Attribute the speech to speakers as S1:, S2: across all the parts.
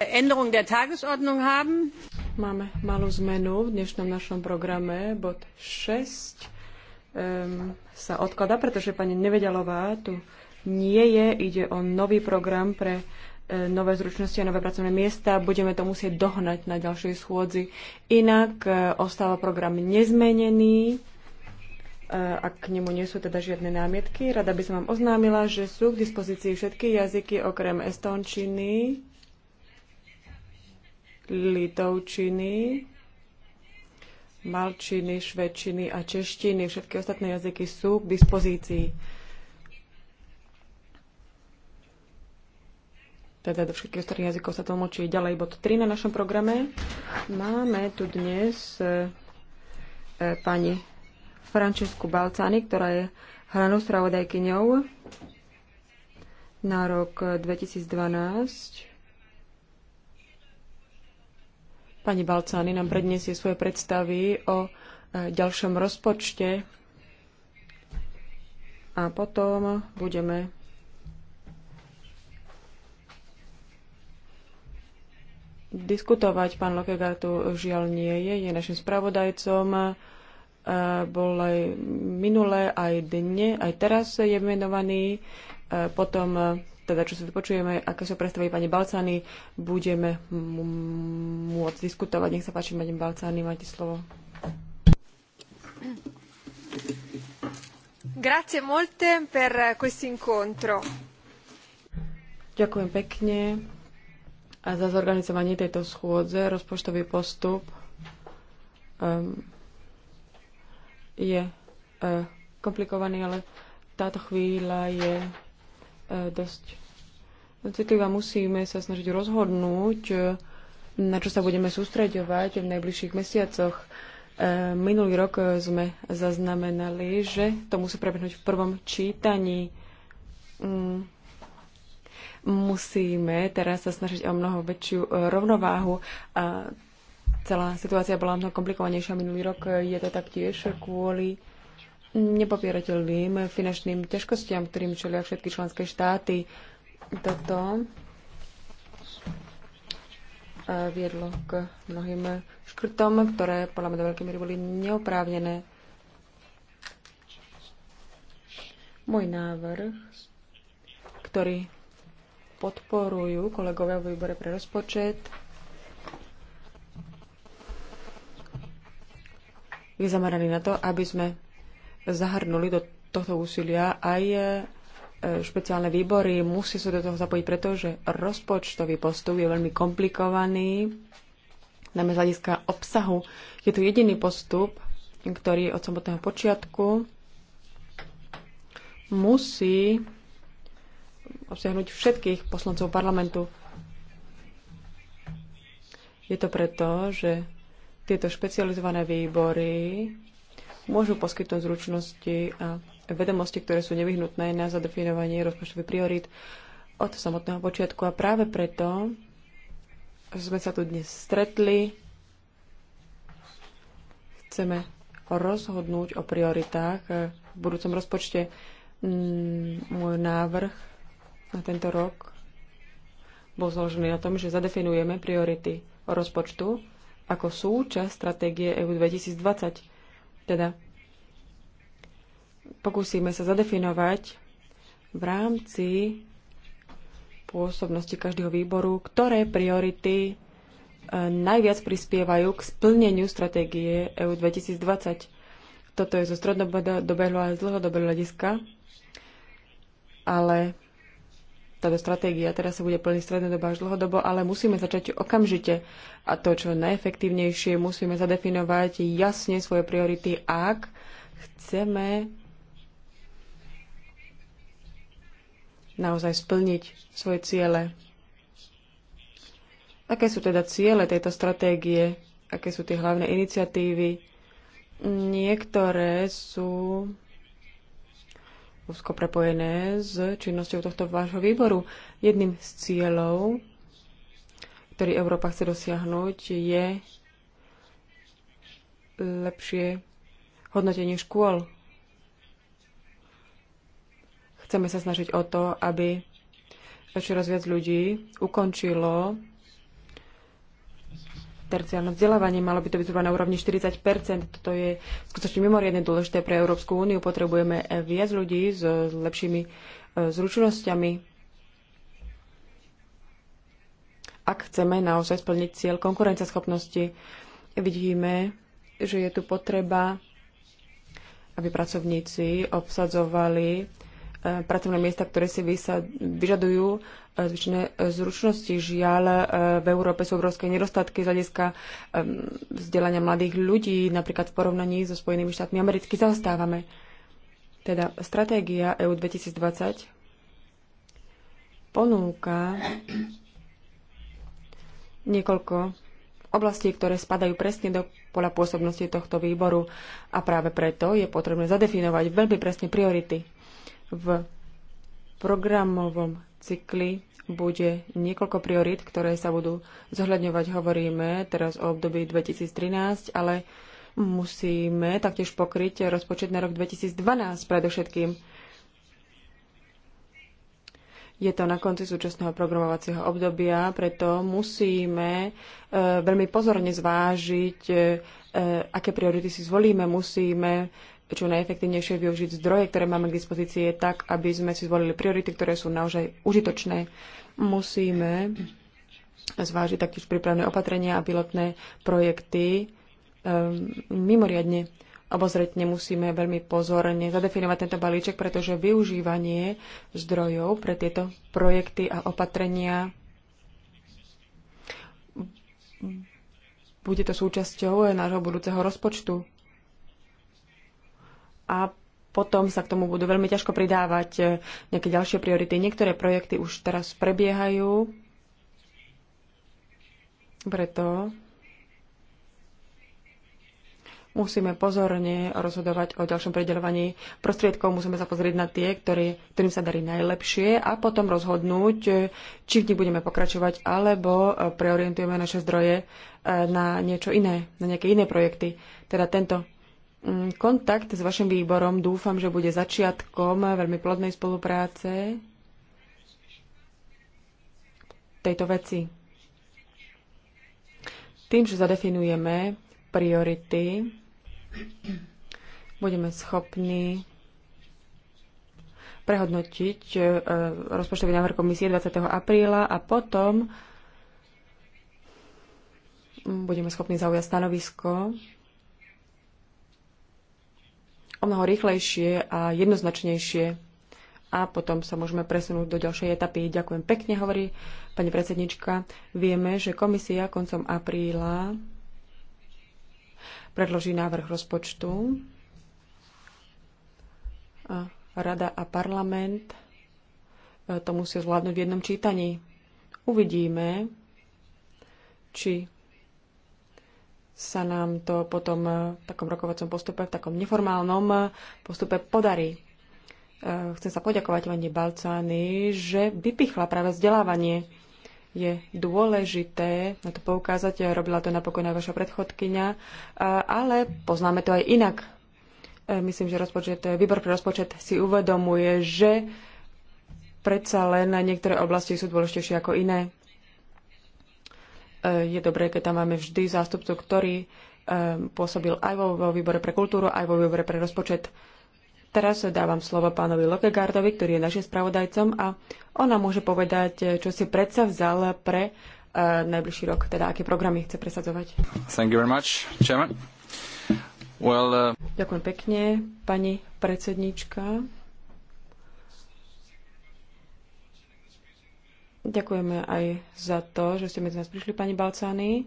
S1: Máme malú zmenu v dnešnom našom programe. Bod 6 um, ehm, sa odkladá, pretože pani Nevedalová tu nie je. Ide o nový program pre e, nové zručnosti a nové pracovné miesta. Budeme to musieť dohnať na ďalšej schôdzi. Inak e, ostáva program nezmenený. E, ak k nemu nie sú teda žiadne námietky, rada by som vám oznámila, že sú k dispozícii všetky jazyky okrem estončiny litovčiny, malčiny, švedčiny a češtiny. Všetky ostatné jazyky sú k dispozícii. Teda do všetkých ostatných jazykov sa tlmočí ďalej bod 3 na našom programe. Máme tu dnes e, e, pani Francesku Balcani, ktorá je hranou spravodajkyňou na rok 2012. Pani Balcány nám predniesie svoje predstavy o e, ďalšom rozpočte a potom budeme diskutovať. Pán Lokega tu žiaľ nie je, je našim spravodajcom. E, Bol aj minule, aj dne, aj teraz je menovaný. E, potom teda čo si vypočujeme, aké sa predstaví pani Balcány, budeme môcť diskutovať. Nech sa páči, pani Balcány, máte slovo. Grazie molte per questo incontro. Ďakujem pekne a za zorganizovanie tejto schôdze. Rozpočtový postup um, je uh, komplikovaný, ale táto chvíľa je eh, dosť citlivá. Musíme sa snažiť rozhodnúť, na čo sa budeme sústreďovať v najbližších mesiacoch. E, minulý rok sme zaznamenali, že to musí prebehnúť v prvom čítaní. Mm. Musíme teraz sa snažiť o mnoho väčšiu rovnováhu. A celá situácia bola mnoho komplikovanejšia minulý rok. Je to taktiež kvôli nepopierateľným finančným ťažkostiam, ktorým čelia všetky členské štáty. Toto e, viedlo k mnohým škrtom, ktoré podľa mňa do veľkej miery boli neoprávnené. Môj návrh, ktorý podporujú kolegovia v výbore pre rozpočet, je zameraný na to, aby sme zahrnuli do tohto úsilia aj E, špeciálne výbory musí sa do toho zapojiť, pretože rozpočtový postup je veľmi komplikovaný, najmä z hľadiska obsahu. Je tu jediný postup, ktorý od samotného počiatku musí obsiahnuť všetkých poslancov parlamentu. Je to preto, že tieto špecializované výbory môžu poskytnúť zručnosti a vedomosti, ktoré sú nevyhnutné na zadefinovanie rozpočtových priorít od samotného počiatku. A práve preto sme sa tu dnes stretli. Chceme rozhodnúť o prioritách v budúcom rozpočte. Mm, môj návrh na tento rok bol zložený na tom, že zadefinujeme priority rozpočtu ako súčasť stratégie EU 2020 teda pokúsime sa zadefinovať v rámci pôsobnosti každého výboru, ktoré priority e, najviac prispievajú k splneniu stratégie EU 2020. Toto je zo strednodobého a z dlhodobého hľadiska, ale táto stratégia teraz sa bude plniť strednodobo až dlhodobo, ale musíme začať okamžite a to, čo najefektívnejšie, musíme zadefinovať jasne svoje priority, ak chceme naozaj splniť svoje ciele. Aké sú teda ciele tejto stratégie? Aké sú tie hlavné iniciatívy? Niektoré sú úzko prepojené s činnosťou tohto vášho výboru. Jedným z cieľov, ktorý Európa chce dosiahnuť, je lepšie hodnotenie škôl. Chceme sa snažiť o to, aby čoraz viac ľudí ukončilo terciálne vzdelávanie, Malo by to byť zhruba na úrovni 40 Toto je skutočne mimoriadne dôležité pre Európsku úniu. Potrebujeme eh, viac ľudí s lepšími eh, zručnosťami, ak chceme naozaj splniť cieľ konkurenceschopnosti. Vidíme, že je tu potreba, aby pracovníci obsadzovali Eh, pracovné miesta, ktoré si vyžadujú eh, zvyšné eh, zručnosti. Žiaľ, v Európe sú obrovské nedostatky z hľadiska vzdelania mladých ľudí, napríklad v porovnaní so Spojenými štátmi americky zaostávame. Teda stratégia EU 2020 ponúka niekoľko oblastí, ktoré spadajú presne do pola pôsobnosti tohto výboru a práve preto je potrebné zadefinovať veľmi presne priority v programovom cykli bude niekoľko priorít, ktoré sa budú zohľadňovať. Hovoríme teraz o období 2013, ale musíme taktiež pokryť rozpočet na rok 2012 predovšetkým. Je to na konci súčasného programovacieho obdobia, preto musíme e, veľmi pozorne zvážiť, e, e aké priority si zvolíme. Musíme čo najefektívnejšie využiť zdroje, ktoré máme k dispozícii, tak, aby sme si zvolili priority, ktoré sú naozaj užitočné. Musíme zvážiť taktiež prípravné opatrenia a pilotné projekty um, mimoriadne obozretne musíme veľmi pozorne zadefinovať tento balíček, pretože využívanie zdrojov pre tieto projekty a opatrenia bude to súčasťou nášho budúceho rozpočtu a potom sa k tomu budú veľmi ťažko pridávať e, nejaké ďalšie priority. Niektoré projekty už teraz prebiehajú, preto musíme pozorne rozhodovať o ďalšom predeľovaní prostriedkov, musíme sa pozrieť na tie, ktoré, ktorým sa darí najlepšie a potom rozhodnúť, e, či v nich budeme pokračovať alebo e, preorientujeme naše zdroje na niečo iné, na nejaké iné projekty. Teda tento Mm, kontakt s vašim výborom dúfam, že bude začiatkom veľmi plodnej spolupráce tejto veci. Tým, že zadefinujeme priority, budeme schopní prehodnotiť e, rozpočtový návrh komisie 20. apríla a potom budeme schopní zaujať stanovisko o mnoho rýchlejšie a jednoznačnejšie. A potom sa môžeme presunúť do ďalšej etapy. Ďakujem pekne, hovorí pani predsednička. Vieme, že komisia koncom apríla predloží návrh rozpočtu. A rada a parlament e, to musia zvládnuť v jednom čítaní. Uvidíme, či sa nám to potom v takom rokovacom postupe, v takom neformálnom postupe podarí. E, chcem sa poďakovať Vande Balcány, že vypichla práve vzdelávanie. Je dôležité na to poukázať, robila to napokon aj vaša predchodkynia, e, ale poznáme to aj inak. E, myslím, že rozpočet, výbor pre rozpočet si uvedomuje, že predsa len niektoré oblasti sú dôležitejšie ako iné je dobré, keď tam máme vždy zástupcu, ktorý eh, pôsobil aj vo, výbore pre kultúru, aj vo výbore pre rozpočet. Teraz dávam slovo pánovi Lokegardovi, ktorý je našim spravodajcom a ona môže povedať, eh, čo si predsa vzal pre eh, najbližší rok, teda aké programy chce presadzovať.
S2: Thank you very much, chairman. Well, uh...
S1: Ďakujem pekne, pani predsedníčka. Ďakujeme aj za to, že ste medzi nás prišli, pani Balcány.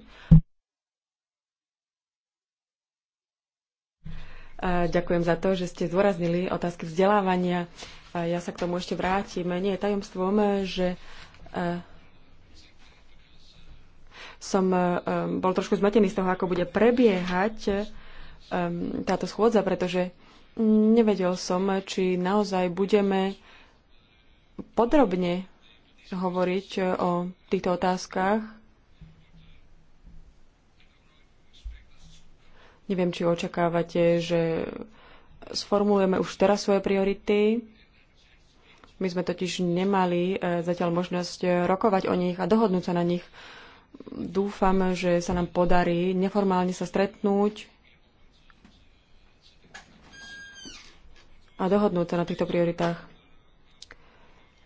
S1: Ďakujem za to, že ste zdôraznili otázky vzdelávania. Ja sa k tomu ešte vrátim. Nie je tajomstvom, že e, som e, bol trošku zmetený z toho, ako bude prebiehať e, táto schôdza, pretože nevedel som, či naozaj budeme podrobne hovoriť e, o týchto otázkach. Neviem, či očakávate, že sformulujeme už teraz svoje priority. My sme totiž nemali e, zatiaľ možnosť e, rokovať o nich a dohodnúť sa na nich. Dúfam, že sa nám podarí neformálne sa stretnúť a dohodnúť sa na týchto prioritách.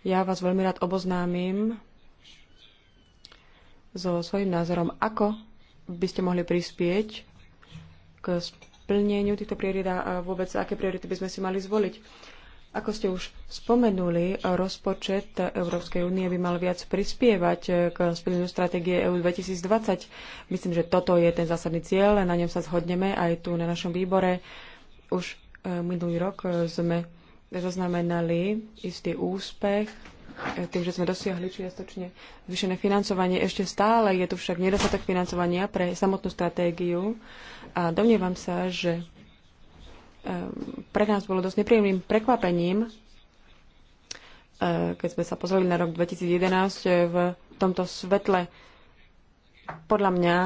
S1: Ja vás veľmi rád oboznámim so svojím názorom, ako by ste mohli prispieť k splneniu týchto priorít a vôbec aké priority by sme si mali zvoliť. Ako ste už spomenuli, rozpočet Európskej únie by mal viac prispievať k splneniu stratégie EU 2020. Myslím, že toto je ten zásadný cieľ, na ňom sa zhodneme aj tu na našom výbore. Už eh, minulý rok eh, sme zaznamenali istý úspech e, tým, že sme dosiahli čiastočne zvýšené financovanie. Ešte stále je tu však nedostatok financovania pre samotnú stratégiu a domnievam sa, že e, pre nás bolo dosť nepríjemným prekvapením, e, keď sme sa pozreli na rok 2011 v tomto svetle. Podľa mňa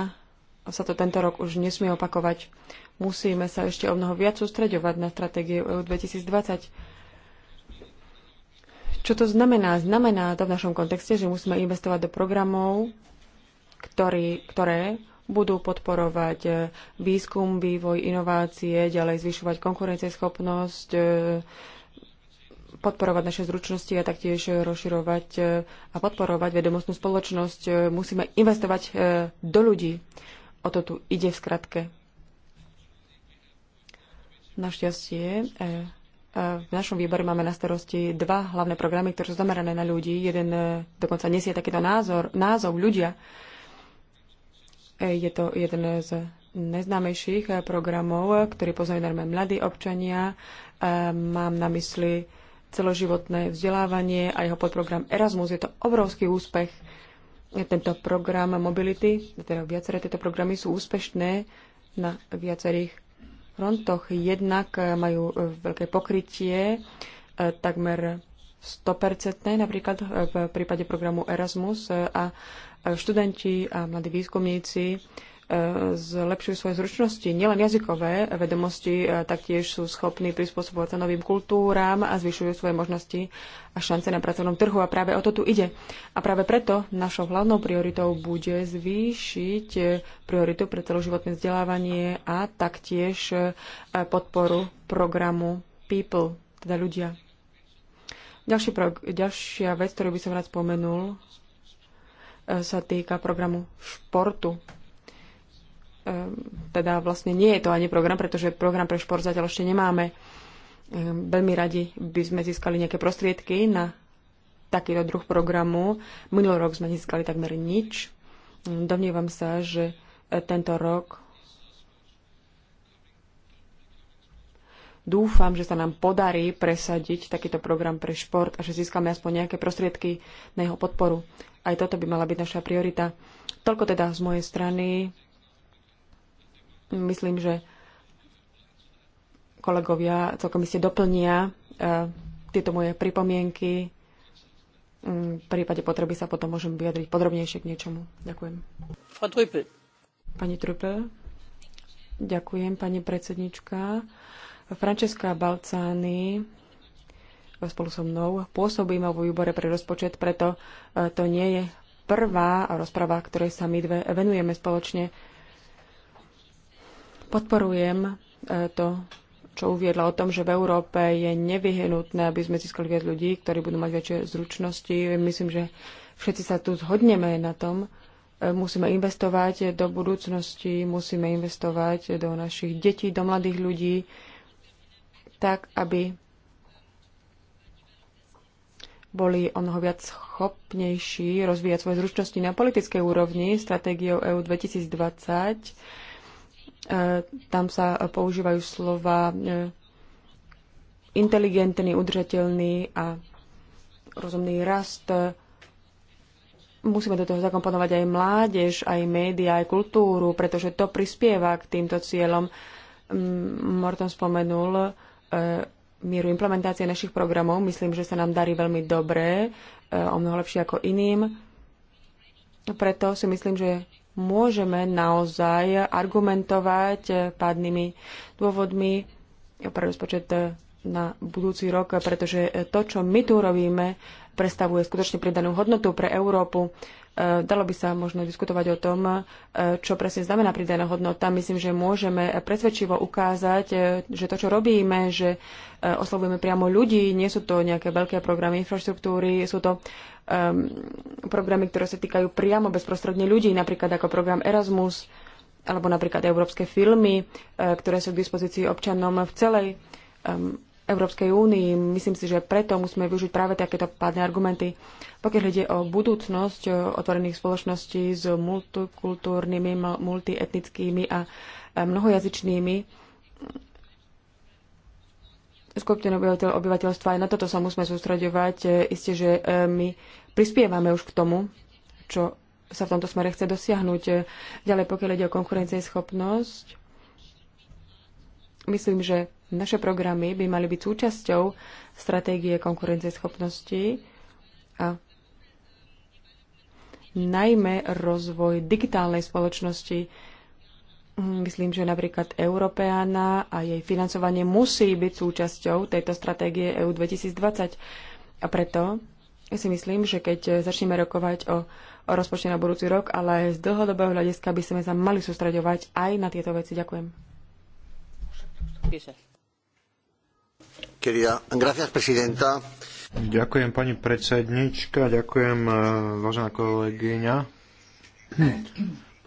S1: sa to tento rok už nesmie opakovať. Musíme sa ešte o mnoho viac sústreďovať na stratégiu EU 2020 čo to znamená? Znamená to v našom kontexte, že musíme investovať do programov, ktorý, ktoré budú podporovať eh, výskum, vývoj, inovácie, ďalej zvyšovať konkurencieschopnosť, eh, podporovať naše zručnosti a taktiež rozširovať eh, a podporovať vedomostnú spoločnosť. Musíme investovať do ľudí. O to tu ide v skratke. Našťastie v našom výbore máme na starosti dva hlavné programy, ktoré sú zamerané na ľudí. Jeden e, dokonca nesie takýto názor, názov ľudia. E, je to jeden z najznámejších e, programov, ktorý poznajú najmä mladí občania. Mám na mysli celoživotné vzdelávanie a jeho podprogram Erasmus. Je to obrovský úspech. Tento program mobility, teda viaceré tieto programy sú úspešné na viacerých frontoch. Jednak eh, majú eh, veľké pokrytie, eh, takmer 100% napríklad v prípade programu Erasmus a študenti a mladí výskumníci zlepšujú svoje zručnosti, nielen jazykové vedomosti, e, taktiež sú schopní prispôsobovať sa novým kultúram a zvyšujú svoje možnosti a šance na pracovnom trhu. A práve o to tu ide. A práve preto našou hlavnou prioritou bude zvýšiť e, prioritu pre celoživotné vzdelávanie a taktiež e, podporu programu People, teda ľudia. Ďalší prog- ďalšia vec, ktorú by som rád spomenul, sa týka programu športu Ehm, teda vlastne nie je to ani program, pretože program pre šport zatiaľ ešte nemáme. Ehm, veľmi radi by sme získali nejaké prostriedky na takýto druh programu. Minulý rok sme získali takmer nič. Ehm, domnievam sa, že e, tento rok dúfam, že sa nám podarí presadiť takýto program pre šport a že získame aspoň nejaké prostriedky na jeho podporu. Aj toto by mala byť naša priorita. Toľko teda z mojej strany. Myslím, že kolegovia celkom iste doplnia e, tieto moje pripomienky. Mm, v prípade potreby sa potom môžem vyjadriť podrobnejšie k niečomu. Ďakujem. Pani Trupel. Ďakujem, pani predsednička. Francesca Balcány e, spolu so mnou pôsobíme vo výbore pre rozpočet, preto e, to nie je prvá rozprava, ktorej sa my dve venujeme spoločne Podporujem e, to, čo uviedla o tom, že v Európe je nevyhnutné, aby sme získali viac ľudí, ktorí budú mať väčšie zručnosti. Myslím, že všetci sa tu zhodneme na tom. E, musíme investovať do budúcnosti, musíme investovať do našich detí, do mladých ľudí, tak aby boli o mnoho viac schopnejší rozvíjať svoje zručnosti na politickej úrovni stratégiou EU 2020 E, tam sa používajú slova e, inteligentný, udržateľný a rozumný rast. E, musíme do toho zakomponovať aj mládež, aj médiá, aj kultúru, pretože to prispieva k týmto cieľom. Mm, Morton spomenul mieru implementácie našich programov. Myslím, že sa nám darí veľmi dobre, o mnoho lepšie ako iným. Preto si myslím, že môžeme naozaj argumentovať pádnymi dôvodmi pre rozpočet na budúci rok, pretože to, čo my tu robíme, predstavuje skutočne pridanú hodnotu pre Európu. E, dalo by sa možno diskutovať o tom, e, čo presne znamená pridaná hodnota. Myslím, že môžeme presvedčivo ukázať, e, že to, čo robíme, že oslovujeme priamo ľudí, nie sú to nejaké veľké programy infraštruktúry, sú to um, programy, ktoré sa týkajú priamo bezprostredne ľudí, napríklad ako program Erasmus, alebo napríklad európske filmy, ktoré sú k dispozícii občanom v celej um, Európskej únii. Myslím si, že preto musíme využiť práve takéto pádne argumenty. Pokiaľ ide o budúcnosť eh, otvorených spoločností s multikultúrnymi, multietnickými a mnohojazyčnými, skupiny obyvateľ, obyvateľstva, aj na toto sa musíme sústredovať. Eh, isté, že eh, my prispievame už k tomu, čo sa v tomto smere chce dosiahnuť. Ďalej, pokiaľ ide o konkurencieschopnosť, myslím, že naše programy by mali byť súčasťou stratégie konkurencieschopnosti a najmä rozvoj digitálnej spoločnosti. Myslím, že napríklad Európeána a jej financovanie musí byť súčasťou tejto stratégie EU 2020. A preto ja si myslím, že keď začneme rokovať o, o rozpočte na budúci rok, ale z dlhodobého hľadiska by sme sa mali sústraďovať aj na tieto veci. Ďakujem.
S3: Ďakujem pani predsednička, ďakujem eh, vážená kolegyňa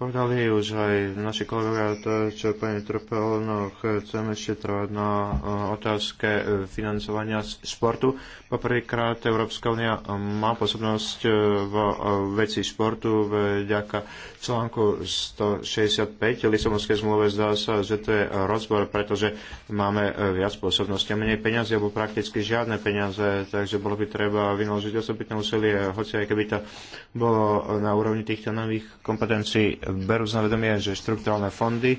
S3: povedali už aj naši kolegovia to, čo pani Trpel, no chcem ešte trvať na e, otázke e, financovania športu. Poprvýkrát Európska únia má posobnosť e, v veci športu vďaka článku 165 Lisabonskej zmluve. Zdá sa, že to je rozbor, pretože máme viac pôsobnosti a menej peniazy, alebo prakticky žiadne peniaze, takže bolo by treba vynaložiť osobitné úsilie, hoci aj keby to bolo na úrovni týchto nových kompetencií berú na vedomie, že štrukturálne fondy e,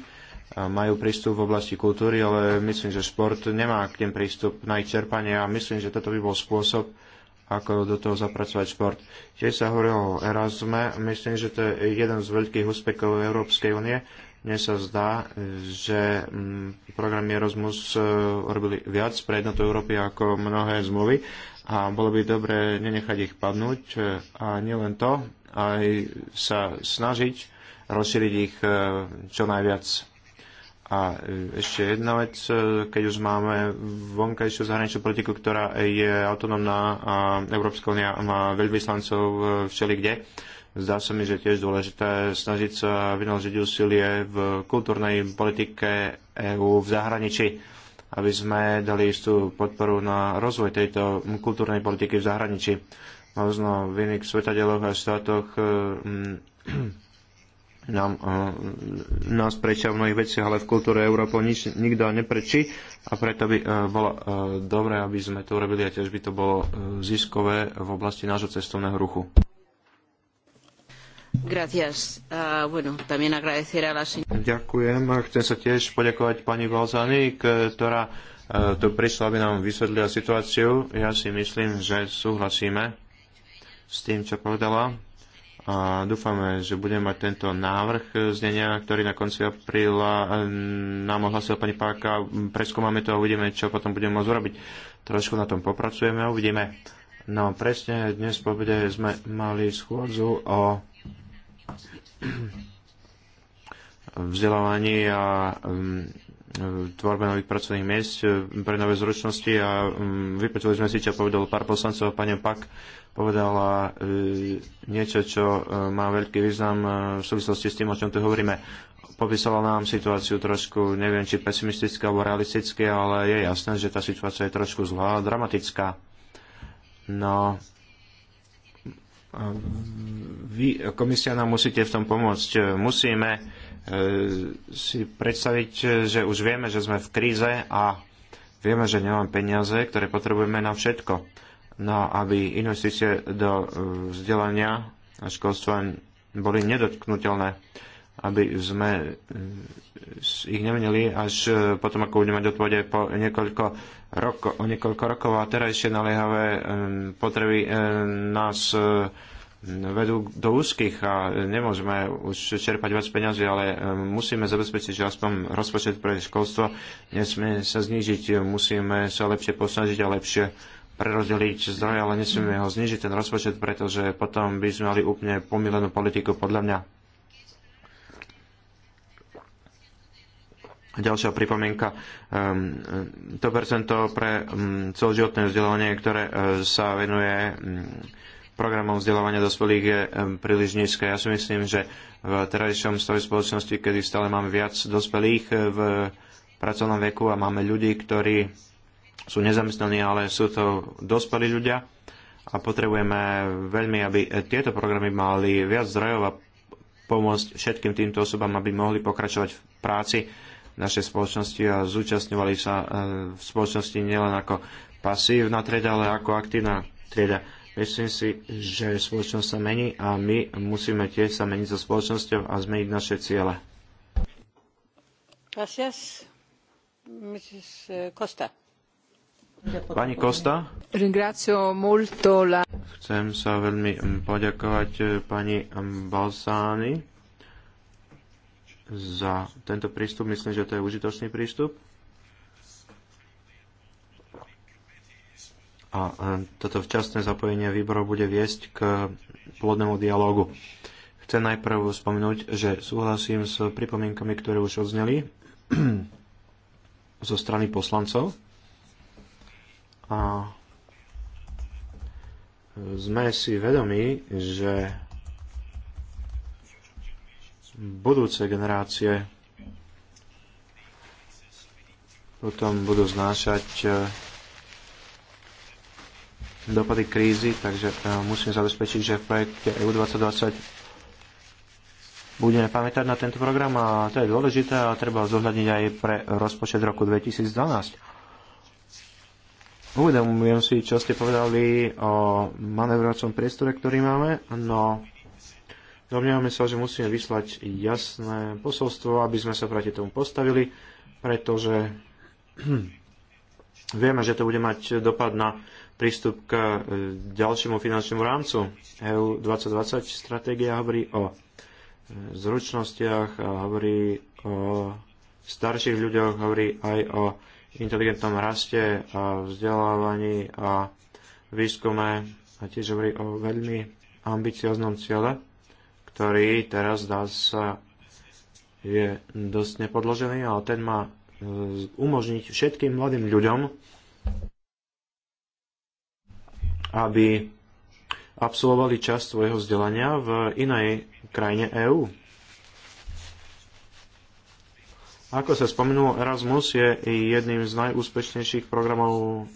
S3: majú prístup v oblasti kultúry, ale myslím, že šport nemá k tým prístup na ich čerpanie a myslím, že toto by bol spôsob, ako do toho zapracovať šport. Tiež sa hovorilo o Erasme, myslím, že to je jeden z veľkých úspechov Európskej únie. Mne sa zdá, že mm, program Erasmus e, robili viac pre jednotu Európy ako mnohé zmluvy a bolo by dobre nenechať ich padnúť e, a nielen to, aj sa snažiť rozšíriť ich e, čo najviac. A e, ešte jedna vec, e, keď už máme vonkajšiu zahraničnú politiku, ktorá je autonómna a Európska únia má veľvyslancov všelikde, zdá sa mi, že tiež dôležité snažiť sa vynaložiť úsilie v kultúrnej politike EÚ v zahraničí aby sme dali istú podporu na rozvoj tejto kultúrnej politiky v zahraničí. Možno v iných svetadeloch a štátoch nám, eh, nás prečia v mnohých veciach, ale v kultúre Európy nič, nikto neprečí a preto by eh, bolo eh, dobré, aby sme to urobili a tiež by to bolo ziskové v oblasti nášho cestovného ruchu.
S2: Uh, bueno, la...
S3: Ďakujem chcem sa tiež poďakovať pani Balzani, ktorá tu prišla, aby nám vysvetlila situáciu. Ja si myslím, že súhlasíme s tým, čo povedala a dúfame, že budeme mať tento návrh znenia, ktorý na konci apríla eh, nám ohlasil pani Páka. Preskúmame to a uvidíme, čo potom budeme môcť urobiť. Trošku na tom popracujeme a uvidíme. No presne dnes po obede sme mali schôdzu o vzdelávaní a mm, tvorbe nových pracovných miest e, pre nové zručnosti a mm, vypočuli sme si, čo povedal pár poslancov, pani Pak povedala e, niečo, čo e, má veľký význam v súvislosti s tým, o čom tu hovoríme. Popísala nám situáciu trošku, neviem, či pesimistická alebo realistická, ale je jasné, že tá situácia je trošku zlá, a dramatická. No, vy, komisia nám musíte v tom pomôcť. Musíme E, si predstaviť, e, že už vieme, že sme v kríze a vieme, že nemáme peniaze, ktoré potrebujeme na všetko. No, aby investície do e, vzdelania a školstva boli nedotknutelné, aby sme ich nemenili až potom, ako budeme mať odpovede po niekoľko, roko, o niekoľko rokov a terajšie naliehavé potreby nás vedú do úzkých a nemôžeme už čerpať viac peňazí, ale e, musíme zabezpečiť, že aspoň rozpočet pre školstvo nesmie sa znížiť, musíme sa lepšie posnažiť a lepšie prerozdeliť zdroje, ale nesmieme ho znižiť ten rozpočet, pretože potom by sme mali úplne pomilenú politiku, podľa mňa. Ďalšia pripomienka. Ehm, to percento pre mm, celoživotné vzdelávanie, ktoré e, sa venuje mm, Programom vzdelávania dospelých je príliš nízke. Ja si myslím, že v terajšom stave spoločnosti, kedy stále máme viac dospelých eh, v pracovnom veku a máme ľudí, ktorí sú nezamestnaní, ale sú to dospelí ľudia a potrebujeme veľmi, aby eh, tieto programy mali viac zdrojov a pomôcť všetkým týmto osobám, aby mohli pokračovať v práci našej spoločnosti a zúčastňovali sa eh, v spoločnosti nielen ako pasívna trieda, ale ako aktívna trieda Myslím si, že spoločnosť sa mení a my musíme tiež sa meniť so spoločnosťou a zmeniť naše ciele.
S4: Gracias. Mrs. Eh, Costa. Pani Costa. Ringrazio molto la...
S3: Chcem sa veľmi mm, poďakovať eh, pani mm, Balsány za tento prístup. Myslím, že to je užitočný prístup. A e, toto včasné zapojenie výborov bude viesť k plodnému dialogu. Chcem najprv spomenúť, že súhlasím s pripomienkami, ktoré už odzneli zo strany poslancov. A sme si vedomi, že budúce generácie potom budú znášať e, dopady krízy, takže e, musím zabezpečiť, že v projekte EU 2020 budeme pamätať na tento program a to je dôležité a treba zohľadniť aj pre rozpočet roku 2012. Uvedomujem si, čo ste povedali o manevrovacom priestore, ktorý máme, no domnievame sa, že musíme vyslať jasné posolstvo, aby sme sa proti tomu postavili, pretože vieme, že to bude mať dopad na prístup k e, ďalšiemu finančnému rámcu. EU 2020 stratégia hovorí o e, zručnostiach hovorí o starších ľuďoch, hovorí aj o inteligentnom raste a vzdelávaní a výskume a tiež hovorí o veľmi ambicioznom ciele, ktorý teraz dá sa je dosť nepodložený, ale ten má e, umožniť všetkým mladým ľuďom aby absolvovali časť svojho vzdelania v inej krajine EÚ. Ako sa spomenulo, Erasmus je jedným z najúspešnejších programov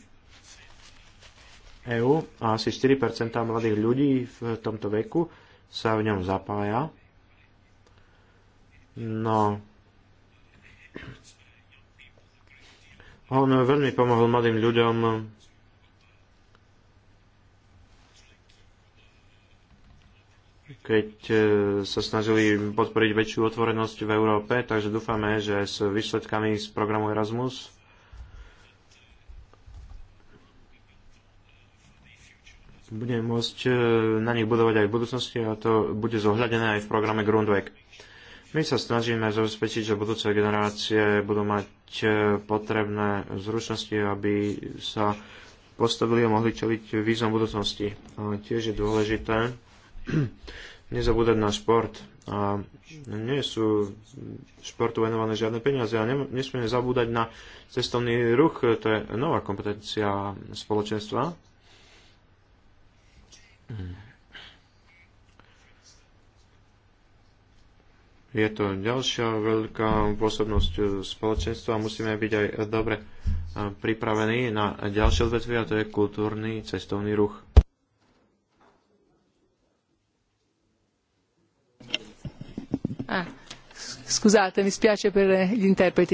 S3: EÚ a asi 4 mladých ľudí v tomto veku sa v ňom zapája. No, on veľmi pomohol mladým ľuďom keď e, sa snažili podporiť väčšiu otvorenosť v Európe, takže dúfame, že s výsledkami z programu Erasmus budeme môcť e, na nich budovať aj v budúcnosti a to bude zohľadené aj v programe Grundweg. My sa snažíme zabezpečiť, že budúce generácie budú mať e, potrebné zručnosti, aby sa postavili a mohli čeliť výzvom budúcnosti. A tiež je dôležité, nezabúdať na šport. A nie sú športu venované žiadne peniaze a nesmieme zabúdať na cestovný ruch, to je nová kompetencia spoločenstva. Je to ďalšia veľká pôsobnosť spoločenstva a musíme byť aj dobre pripravení na ďalšie odvetvia, a to je kultúrny cestovný ruch.
S4: Ah, scusate, mi spiace per eh, gli interpreti.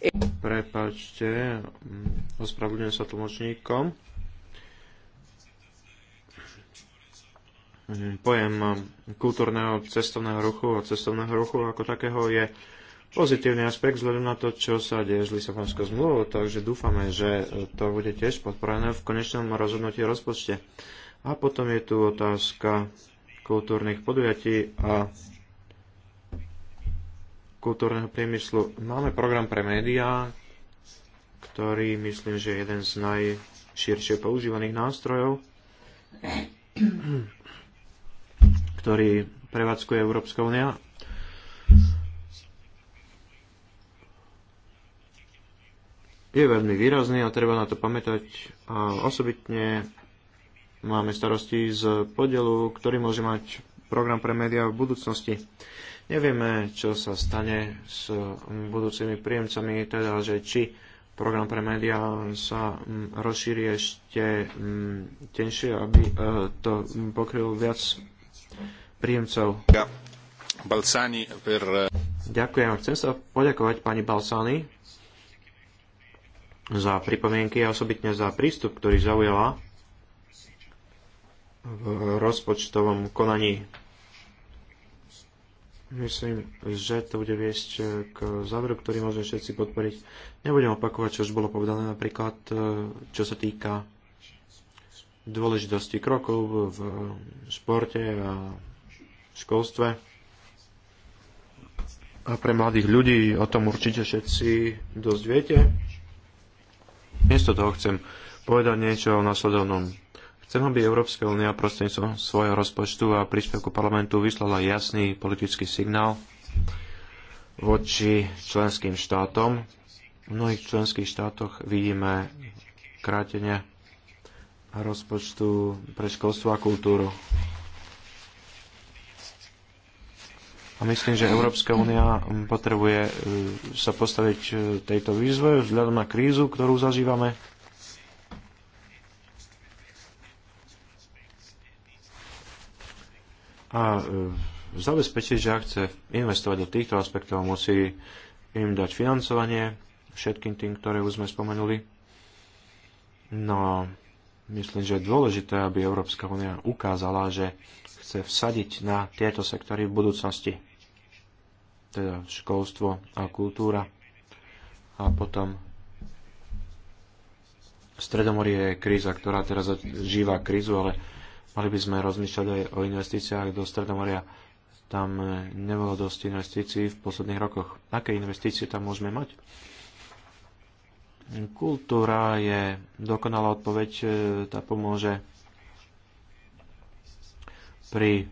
S4: E
S3: Prepačte, mm, ospravedlňujem sa tlmočníkom. Mm, pojem eh, kultúrneho cestovného ruchu a cestovného ruchu ako takého je pozitívny aspekt vzhľadom na to, čo sa deje s Lisabonskou zmluvou, takže dúfame, že eh, to bude tiež podporené v konečnom rozhodnutí rozpočte. A potom je tu otázka kultúrnych podujatí a kultúrneho priemyslu. Máme program pre médiá, ktorý myslím, že je jeden z najširšie používaných nástrojov, ktorý prevádzkuje Európska únia. Je veľmi výrazný a treba na to pamätať. A osobitne máme starosti z podielu, ktorý môže mať program pre médiá v budúcnosti. Nevieme, čo sa stane s budúcimi príjemcami, teda, že či program pre médiá sa mm, rozšíri ešte mm, tenšie, aby e, to pokryl viac príjemcov. Balsani per... E, Ďakujem. Chcem sa poďakovať pani Balsani za pripomienky a osobitne za prístup, ktorý zaujala v rozpočtovom konaní Myslím, že to bude viesť e, k záveru, ktorý môžeme všetci podporiť. Nebudem opakovať, čo už bolo povedané, napríklad e, čo sa týka dôležitosti krokov v športe a v školstve. A pre mladých ľudí o tom určite všetci dosť viete. Miesto toho chcem povedať niečo o nasledovnom Chcem, aby Európska únia prostredníctvom svojho rozpočtu a príspevku parlamentu vyslala jasný politický signál voči členským štátom. V mnohých členských štátoch vidíme krátenie rozpočtu pre školstvo a kultúru. A myslím, že Európska únia potrebuje e, sa postaviť e, tejto výzve vzhľadom na krízu, ktorú zažívame. a e, zabezpečiť, že ak chce investovať do týchto aspektov, musí im dať financovanie, všetkým tým, ktoré už sme spomenuli. No, myslím, že je dôležité, aby Európska únia ukázala, že chce vsadiť na tieto sektory v budúcnosti. Teda školstvo a kultúra. A potom Stredomorie je kríza, ktorá teraz žíva krízu, ale Mali by sme rozmýšľať aj o investíciách do Stredomoria. Tam e, nebolo dosť investícií v posledných rokoch. Aké investície tam môžeme mať? Kultúra je dokonalá odpoveď, e, tá pomôže pri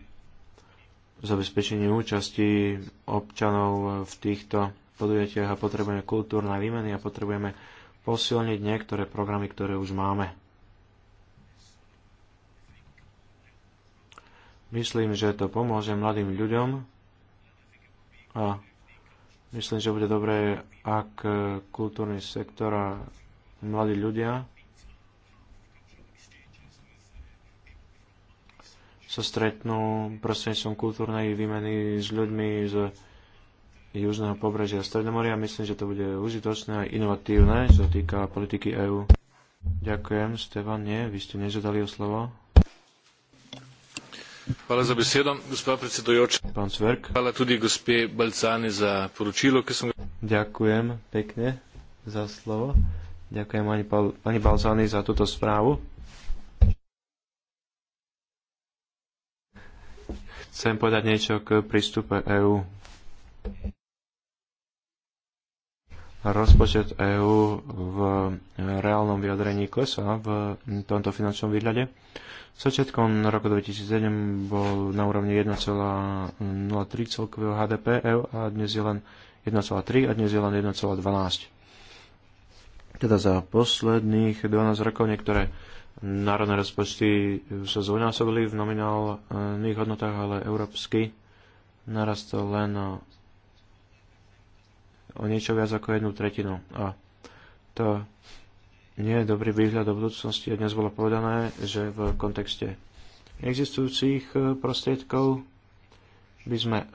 S3: zabezpečení účasti občanov v týchto podujatiach a potrebujeme kultúrne výmeny a potrebujeme posilniť niektoré programy, ktoré už máme. Myslím, že to pomôže mladým ľuďom a myslím, že bude dobré, ak kultúrny sektor a mladí ľudia sa stretnú prostredníctvom kultúrnej výmeny s ľuďmi z južného pobrežia Stredomoria. Myslím, že to bude užitočné a inovatívne, čo sa týka politiky EÚ. Ďakujem, Stefan. Nie, vy ste nežadali o slovo.
S2: Hvala za besedo,
S3: Hvala tudi gospe Balcani za poročilo, ki Ďakujem pekne za slovo. Ďakujem pani, pani Balcani za túto správu. Chcem povedať niečo k prístupe EÚ rozpočet EÚ v reálnom vyjadrení klesa v tomto finančnom výhľade. Začiatkom roku 2007 bol na úrovni 1,03 celkového HDP EU a dnes je len 1,3 a dnes je len 1,12. Teda za posledných 12 rokov niektoré národné rozpočty sa zvojnásobili v nominálnych hodnotách, ale európsky narastol len o niečo viac ako jednu tretinu. A to nie je dobrý výhľad do budúcnosti. a Dnes bolo povedané, že v kontexte existujúcich e, prostriedkov by sme e,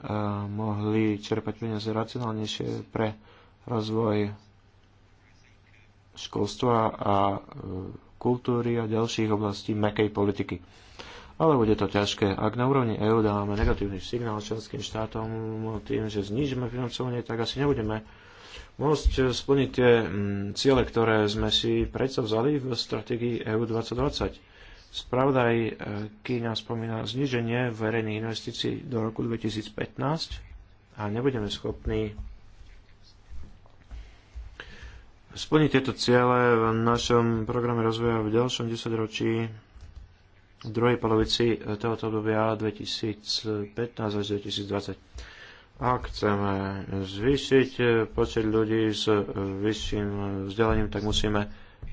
S3: mohli čerpať peniaze racionálnejšie pre rozvoj školstva a e, kultúry a ďalších oblastí mekej politiky ale bude to ťažké. Ak na úrovni EÚ dávame negatívny signál členským štátom tým, že znížime financovanie, tak asi nebudeme môcť splniť tie mm, ciele, ktoré sme si predsa vzali v stratégii EU 2020. Spravda aj e, Kína spomína zníženie verejných investícií do roku 2015 a nebudeme schopní splniť tieto ciele v našom programe rozvoja v ďalšom desaťročí. ročí v druhej polovici eh, tohoto obdobia 2015 až 2020. Ak chceme zvýšiť eh, počet ľudí s eh, vyšším vzdelaním, tak musíme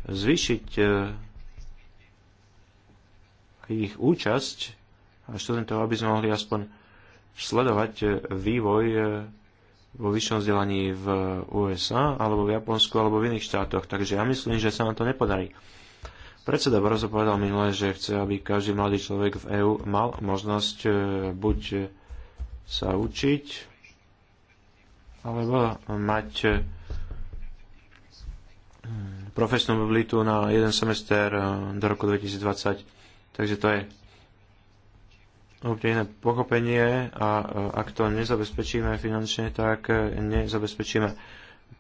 S3: zvýšiť ich účasť a študentov, aby sme mohli aspoň sledovať vývoj vo vyššom vzdelaní v USA alebo v Japonsku alebo v iných štátoch. Takže ja myslím, že sa nám to nepodarí. Predseda Barroso povedal minule, že chce, aby každý mladý človek v EÚ mal možnosť e, buď sa učiť, alebo mať e, profesnú mobilitu na jeden semester e, do roku 2020. Takže to je úplne iné pochopenie a ak to nezabezpečíme finančne, tak nezabezpečíme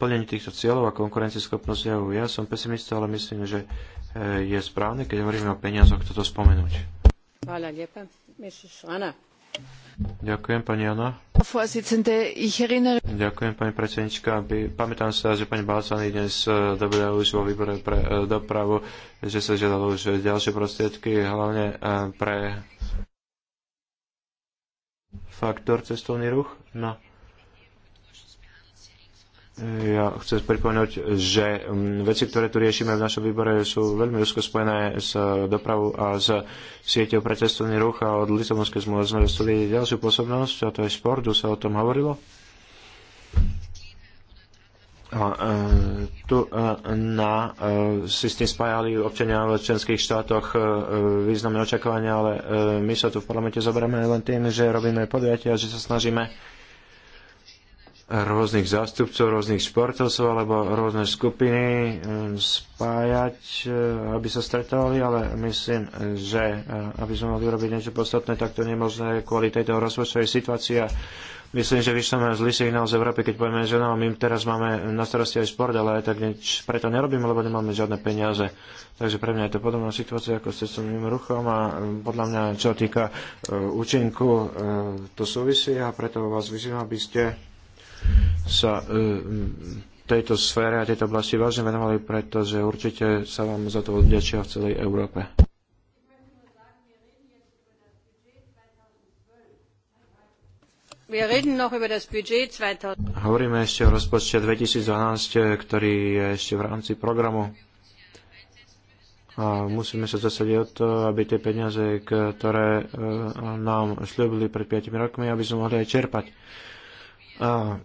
S3: plnenie týchto cieľov a konkurencieschopnosť EU. Ja som pesimista, ale myslím, že je správne, keď hovoríme o peniazoch, toto spomenúť. Hvala lijepa. Ďakujem, pani Jana.
S4: Ďakujem,
S3: pani predsednička. Pamätám sa, že pani Balcani dnes eh, dobre už vo výbore pre eh, dopravu, že sa žiadalo už ďalšie prostriedky, hlavne eh, pre faktor cestovný ruch. No. Ja chcem pripomenúť, že mm, veci, ktoré tu riešime v našom výbore, sú veľmi úzko spojené s dopravou a s sieťou pre cestovný ruch a od Lisabonskej zmluvy sme dostali ďalšiu pôsobnosť, a to je šport, tu sa o tom hovorilo. A, e, tu e, na, e, si s tým spájali občania v členských štátoch e, e, významné očakávania, ale e, my sa tu v parlamente zoberieme len tým, že robíme podujatia, že sa snažíme rôznych zástupcov, rôznych športovcov alebo rôzne skupiny um, spájať, eh, aby sa stretovali, ale myslím, že eh, aby sme mohli urobiť niečo podstatné, tak to nemožné kvôli tejto rozpočtovej situácii. Myslím, že vyšleme zlý signál z Európy, keď povieme, že no, my teraz máme na starosti aj šport, ale aj tak nič preto nerobíme, lebo nemáme žiadne peniaze. Takže pre mňa je to podobná situácia ako s cestovným ruchom a eh, podľa mňa, čo týka účinku, to súvisí a preto vás vyzývam, aby ste sa e, tejto sfére a tejto oblasti vážne venovali, pretože určite sa vám za to odďačia v celej Európe. Hovoríme ešte o rozpočte 2012, e, ktorý je ešte v rámci programu. A musíme sa zasadiť o to, aby tie peniaze, ktoré e, nám šľubili pred 5 rokmi, aby sme mohli aj čerpať. A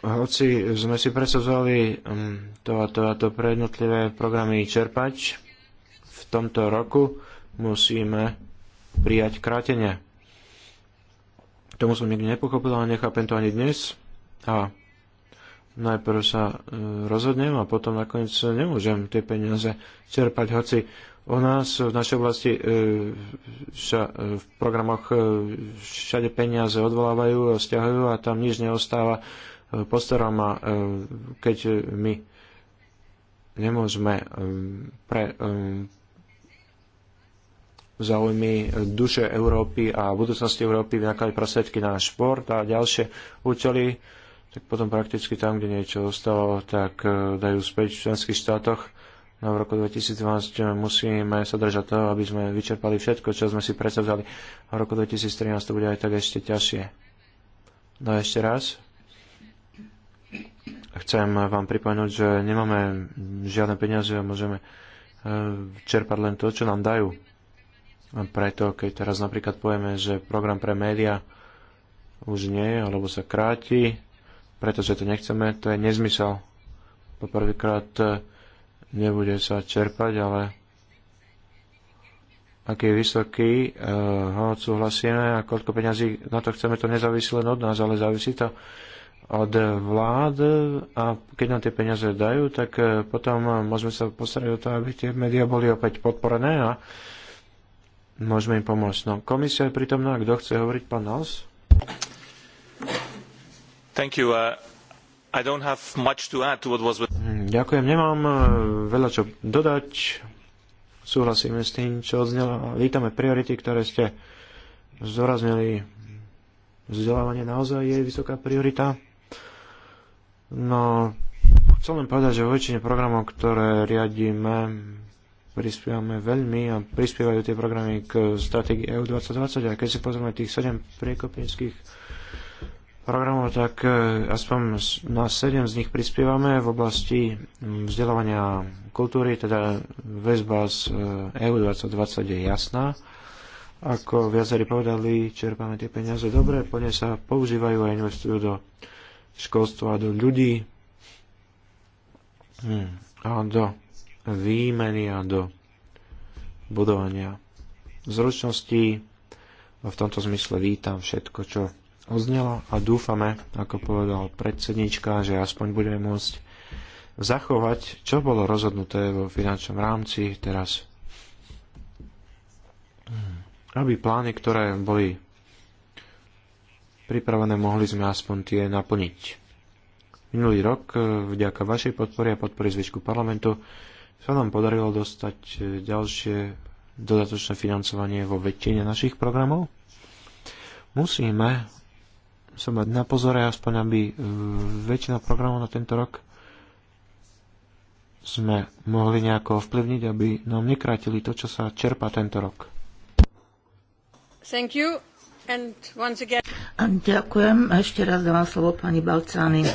S3: hoci sme si presadzovali mm, to a to a to pre jednotlivé programy čerpať, v tomto roku musíme prijať krátenie. Tomu som nikdy nepochopil ale nechápem to ani dnes. A najprv sa e, rozhodnem a potom nakoniec nemôžem tie peniaze čerpať, hoci u nás v našej oblasti e, sa e, v programoch e, všade peniaze odvolávajú, stiahujú a tam nič neostáva postorom a keď my nemôžeme pre záujmy duše Európy a budúcnosti Európy vynakali prostriedky na šport a ďalšie účely, tak potom prakticky tam, kde niečo ostalo, tak dajú späť v členských štátoch no v roku 2012 musíme sa držať toho, aby sme vyčerpali všetko, čo sme si predsavzali. V roku 2013 to bude aj tak ešte ťažšie. No ešte raz. Chcem vám pripomenúť, že nemáme žiadne peniaze a môžeme e, čerpať len to, čo nám dajú. A preto, keď teraz napríklad povieme, že program pre média už nie, alebo sa kráti, pretože to nechceme, to je nezmysel. Poprvýkrát e, nebude sa čerpať, ale aký vysoký eh, ho súhlasíme a koľko peňazí na to chceme, to nezávisí len od nás, ale závisí to od vlád a keď nám tie peniaze dajú, tak eh, potom môžeme sa postarať o to, aby tie médiá boli opäť podporené a môžeme im pomôcť. No, komisia je pritomná, kto chce hovoriť, pán Nals?
S2: Thank you. Uh... Was...
S3: Mhm, ďakujem, nemám e, veľa čo dodať. Súhlasíme s tým, čo odznelo. Vítame priority, ktoré ste zdôraznili. Vzdelávanie naozaj je vysoká priorita. No, chcel len povedať, že vo väčšine programov, ktoré riadíme, prispievame veľmi a prispievajú tie programy k stratégii EU 2020. A keď si pozrieme tých 7 priekopníckých programov, tak e, aspoň na 7 z nich prispievame v oblasti vzdelávania kultúry, teda väzba z EU e 2020 je jasná. Ako viacerí povedali, čerpáme tie peniaze dobre, plne sa používajú a investujú do školstva, do ľudí hm, a do výmeny a do budovania zručností. V tomto zmysle vítam všetko, čo oznelo a dúfame, ako povedal predsednička, že aspoň budeme môcť zachovať, čo bolo rozhodnuté vo finančnom rámci teraz. Aby plány, ktoré boli pripravené, mohli sme aspoň tie naplniť. Minulý rok, eh, vďaka vašej podpore a podpore zvyšku parlamentu, sa nám podarilo dostať eh, ďalšie dodatočné financovanie vo väčšine našich programov. Musíme sa mať na pozore, aspoň aby e, väčšina programov na tento rok sme mohli nejako ovplyvniť, aby nám nekratili to, čo sa čerpa tento rok.
S1: Thank you. And once again...
S2: Ďakujem. Ešte raz dávam slovo pani Balcány.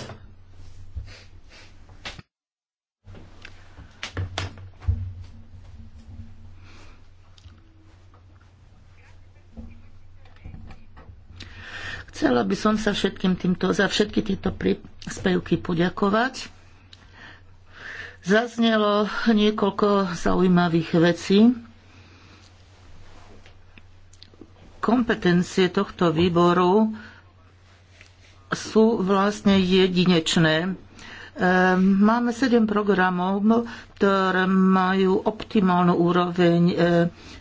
S2: Chcela by som sa všetkým týmto, za všetky tieto príspevky poďakovať. Zaznelo niekoľko zaujímavých vecí. Kompetencie tohto výboru sú vlastne jedinečné. Ehm, máme sedem programov, ktoré majú optimálnu úroveň eh,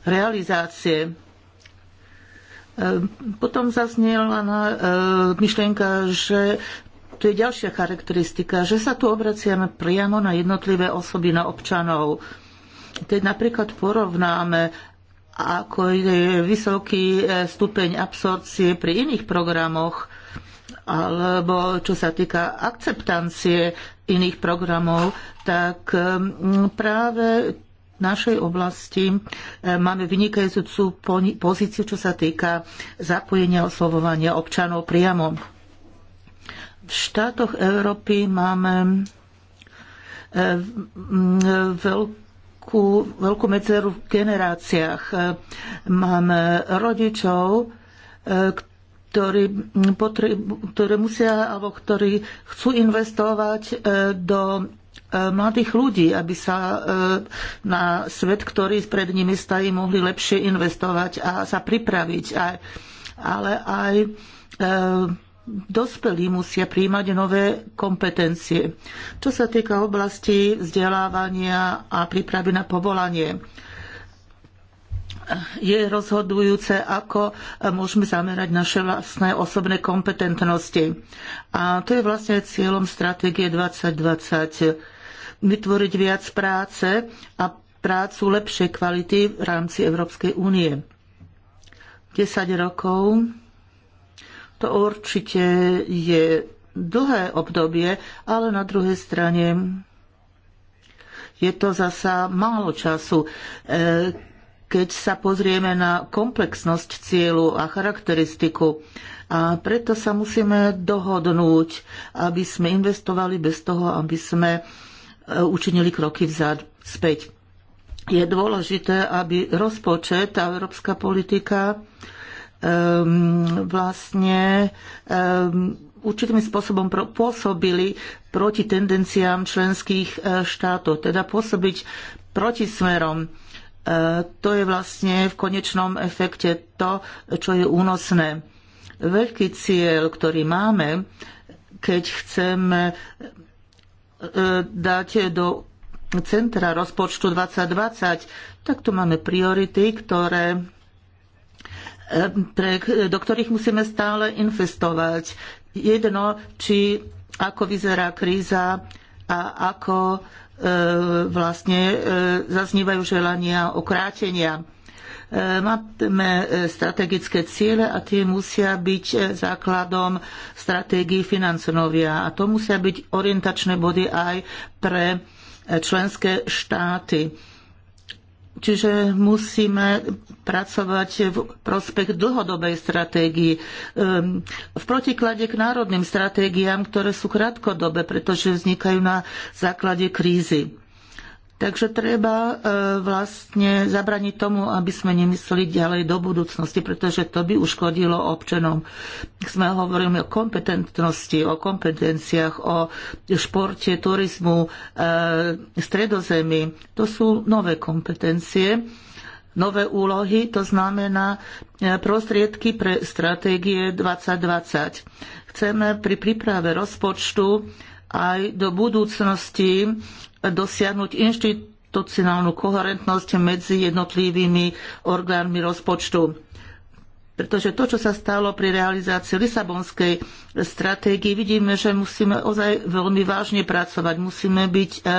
S2: realizácie Ehm, potom zaznela e, myšlienka, že to je ďalšia charakteristika, že sa tu obraciame priamo na jednotlivé osoby, na občanov. Keď napríklad porovnáme, ako je vysoký e, stupeň absorcie pri iných programoch, alebo čo sa týka akceptancie iných programov, tak e, práve našej oblasti e, máme vynikajúcu pozíciu, čo sa týka zapojenia a oslovovania občanov priamo. V štátoch Európy máme e, veľkú, veľkú medzeru v generáciách. E, máme rodičov, ktorí, potrebu, ktorí musia alebo ktorí chcú investovať do E, mladých ľudí, aby sa e, na svet, ktorý pred nimi stají, mohli lepšie investovať a sa pripraviť. Ale aj e, dospelí musia príjmať nové kompetencie. Čo sa týka oblasti vzdelávania a prípravy na povolanie, je rozhodujúce, ako môžeme zamerať naše vlastné osobné kompetentnosti. A to je vlastne cieľom stratégie 2020 vytvoriť viac práce a prácu lepšej kvality v rámci Európskej únie. 10 rokov to určite je dlhé obdobie, ale na druhej strane je to zasa málo času. E, keď sa pozrieme na komplexnosť cieľu a charakteristiku, a preto sa musíme dohodnúť, aby sme investovali bez toho, aby sme E, učinili kroky vzad späť. Je dôležité, aby rozpočet a európska politika um, vlastne um, určitým spôsobom pôsobili proti tendenciám členských e, štátov, teda pôsobiť proti protismerom. E, to je vlastne v konečnom efekte to, čo je únosné. Veľký cieľ, ktorý máme, keď chceme dáte do centra rozpočtu 2020, tak tu máme priority, ktoré e, pre, do ktorých musíme stále investovať. Jedno, či ako vyzerá kríza a ako e, vlastne e, zaznívajú želania okrátenia. E, máme e, strategické ciele a tie musia byť e, základom stratégií financovia a to musia byť orientačné body aj pre členské štáty. Čiže musíme pracovať v prospech dlhodobej stratégii, ehm, v protiklade k národným stratégiám, ktoré sú krátkodobé, pretože vznikajú na základe krízy. Takže treba e, vlastne zabraniť tomu, aby sme nemysleli ďalej do budúcnosti, pretože to by uškodilo občanom. Sme hovorili o kompetentnosti, o kompetenciách, o športe, turizmu, e, stredozemi. To sú nové kompetencie nové úlohy, to znamená e, prostriedky pre stratégie 2020. Chceme pri príprave rozpočtu aj do budúcnosti dosiahnuť inštitucionálnu koherentnosť medzi jednotlivými orgánmi rozpočtu pretože to, čo sa stalo pri realizácii Lisabonskej stratégie, vidíme, že musíme ozaj veľmi vážne pracovať, musíme byť e, e,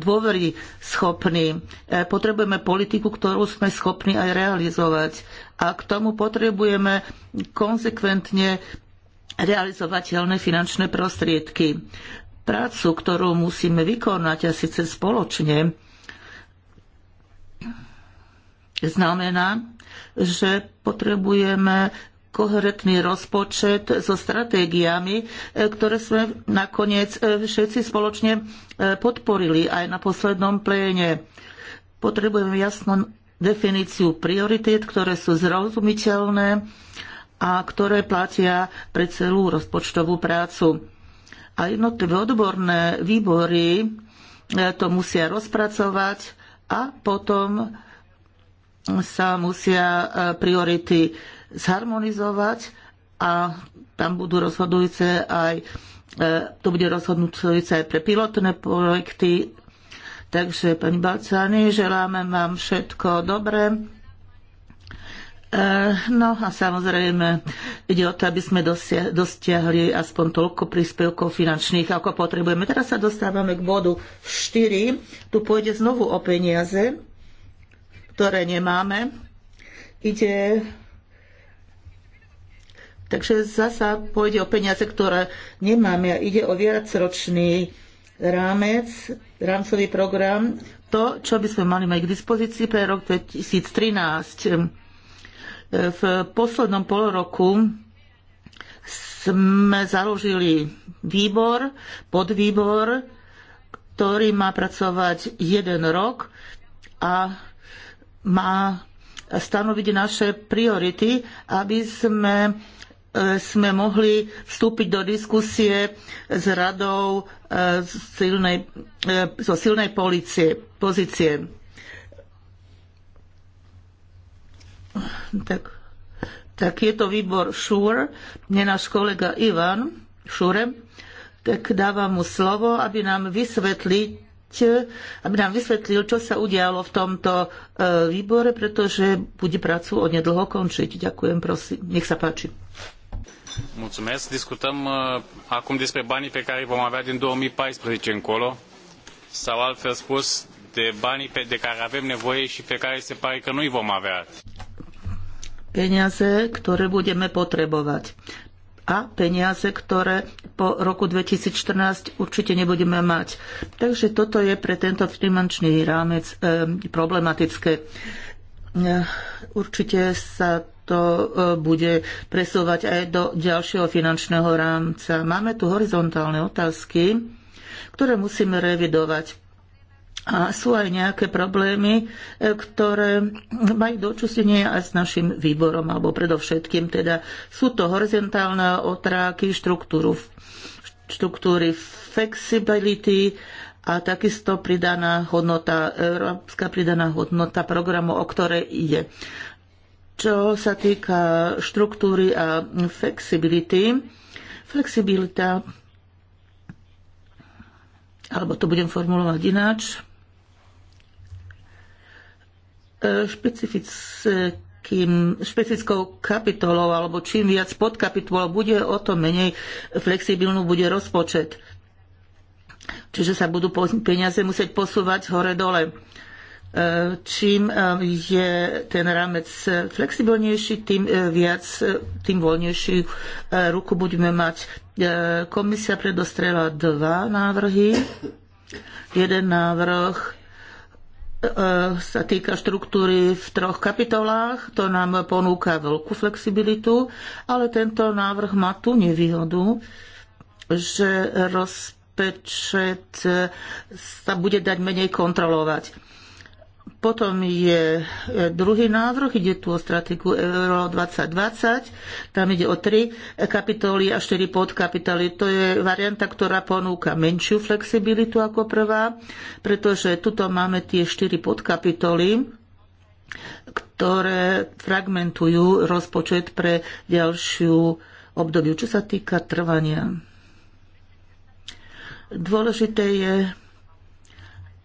S2: dôvery schopní. E, potrebujeme politiku, ktorú sme schopní aj realizovať. A k tomu potrebujeme konsekventne realizovateľné finančné prostriedky prácu, ktorú musíme vykonať a síce spoločne, znamená, že potrebujeme koherentný rozpočet so stratégiami, ktoré sme nakoniec e, všetci spoločne e, podporili aj na poslednom pléne. Potrebujeme jasnú definíciu prioritét, ktoré sú zrozumiteľné a ktoré platia pre celú rozpočtovú prácu a jednotlivé odborné výbory e, to musia rozpracovať a potom sa musia e, priority zharmonizovať a tam budú rozhodujúce aj e, to bude rozhodnúce aj pre pilotné projekty. Takže, pani Balcány, želáme vám všetko dobré Eh, no a samozrejme ide o to, aby sme dostiahli aspoň toľko príspevkov finančných, ako potrebujeme. Teraz sa dostávame k bodu 4. Tu pôjde znovu o peniaze, ktoré nemáme. Ide Takže zasa pôjde o peniaze, ktoré nemáme a ide o viacročný rámec, rámcový program, to, čo by sme mali mať k dispozícii pre rok 2013 v poslednom poloroku sme založili výbor, podvýbor, ktorý má pracovať jeden rok a má stanoviť naše priority, aby sme, e, sme mohli vstúpiť do diskusie s radou e, silnej, e, zo silnej policie, pozície. tak, tak je to výbor Šúr, mne náš kolega Ivan Šúre, tak dávam mu slovo, aby nám vysvetliť aby nám vysvetlil, čo sa udialo v tomto e, výbore, pretože bude prácu onedlho končiť. Ďakujem, prosím. Nech sa páči.
S3: Mulțumesc. Discutăm uh, acum despre banii pe care îi vom avea din 2014 încolo, sau altfel spus, de banii pe, de care avem nevoie și pe care se pare că nu îi vom avea
S2: peniaze, ktoré budeme potrebovať a peniaze, ktoré po roku 2014 určite nebudeme mať. Takže toto je pre tento finančný rámec eh, problematické. Eh, určite sa to eh, bude presúvať aj do ďalšieho finančného rámca. Máme tu horizontálne otázky, ktoré musíme revidovať. A sú aj nejaké problémy, e, ktoré majú dočustenie aj s našim výborom, alebo predovšetkým teda sú to horizontálne otráky, štruktúru, štruktúry flexibility a takisto pridaná hodnota, európska pridaná hodnota programu, o ktoré ide. Čo sa týka štruktúry a flexibility, flexibilita alebo to budem formulovať ináč, E, špecifickým, špecifickou kapitolou alebo čím viac podkapitolov bude, o to menej flexibilnú bude rozpočet. Čiže sa budú peniaze musieť posúvať hore-dole. E, čím e, je ten rámec flexibilnejší, tým viac, tým voľnejšiu ruku budeme mať. Komisia predostrela dva návrhy. Jeden návrh E, sa týka štruktúry v troch kapitolách. To nám ponúka veľkú flexibilitu, ale tento návrh má tú nevýhodu, že rozpočet sa bude dať menej kontrolovať. Potom je e, druhý návrh, ide tu o stratégiu Euro 2020, tam ide o tri kapitoly a štyri podkapitoly. To je varianta, ktorá ponúka menšiu flexibilitu ako prvá, pretože tuto máme tie štyri podkapitoly, ktoré fragmentujú rozpočet pre ďalšiu obdobiu. Čo sa týka trvania, dôležité je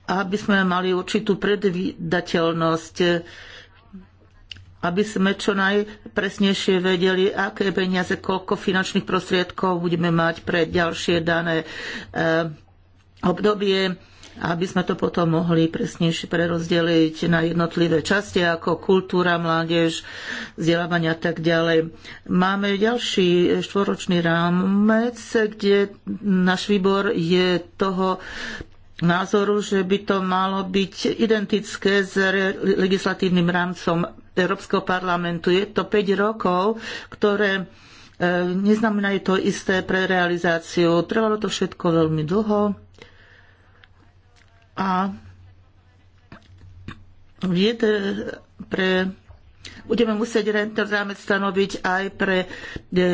S2: aby sme mali určitú predvídateľnosť, aby sme čo najpresnejšie vedeli, aké peniaze, koľko finančných prostriedkov budeme mať pre ďalšie dané e, obdobie aby sme to potom mohli presnejšie prerozdeliť na jednotlivé časti, ako kultúra, mládež, vzdelávanie a tak ďalej. Máme ďalší štvoročný rámec, kde náš výbor je toho názoru, že by to malo byť identické s legislatívnym rámcom Európskeho parlamentu. Je to 5 rokov, ktoré e, neznamenajú to isté pre realizáciu. Trvalo to všetko veľmi dlho a pre budeme musieť tento rámec stanoviť aj pre e,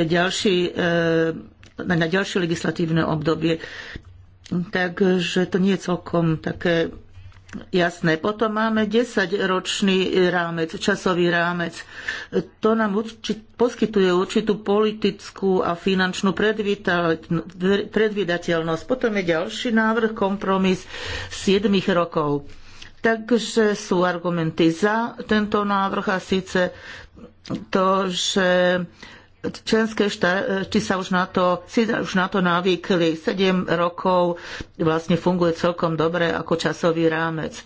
S2: ďalší, e, na ďalšie legislatívne obdobie. Takže to nie je celkom také jasné. Potom máme 10-ročný rámec, časový rámec. To nám urči, poskytuje určitú politickú a finančnú predvydateľnosť. Potom je ďalší návrh, kompromis 7 rokov. Takže sú argumenty za tento návrh a síce to, že členské štáty sa už na to, si už na to navýkli. 7 rokov vlastne funguje celkom dobre ako časový rámec.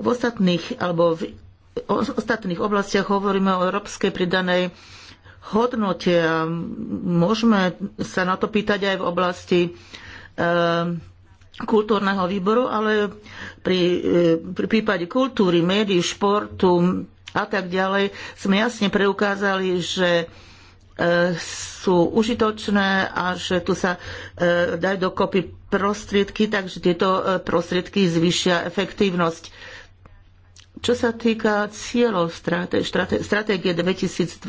S2: V ostatných, alebo v ostatných oblastiach hovoríme o európskej pridanej hodnote a môžeme sa na to pýtať aj v oblasti e, kultúrneho výboru, ale pri, e, pri prípade kultúry, médií, športu a tak ďalej sme jasne preukázali, že e, sú užitočné a že tu sa e, dajú dokopy prostriedky, takže tieto e, prostriedky zvyšia efektívnosť. Čo sa týka cieľov stratégie 2020,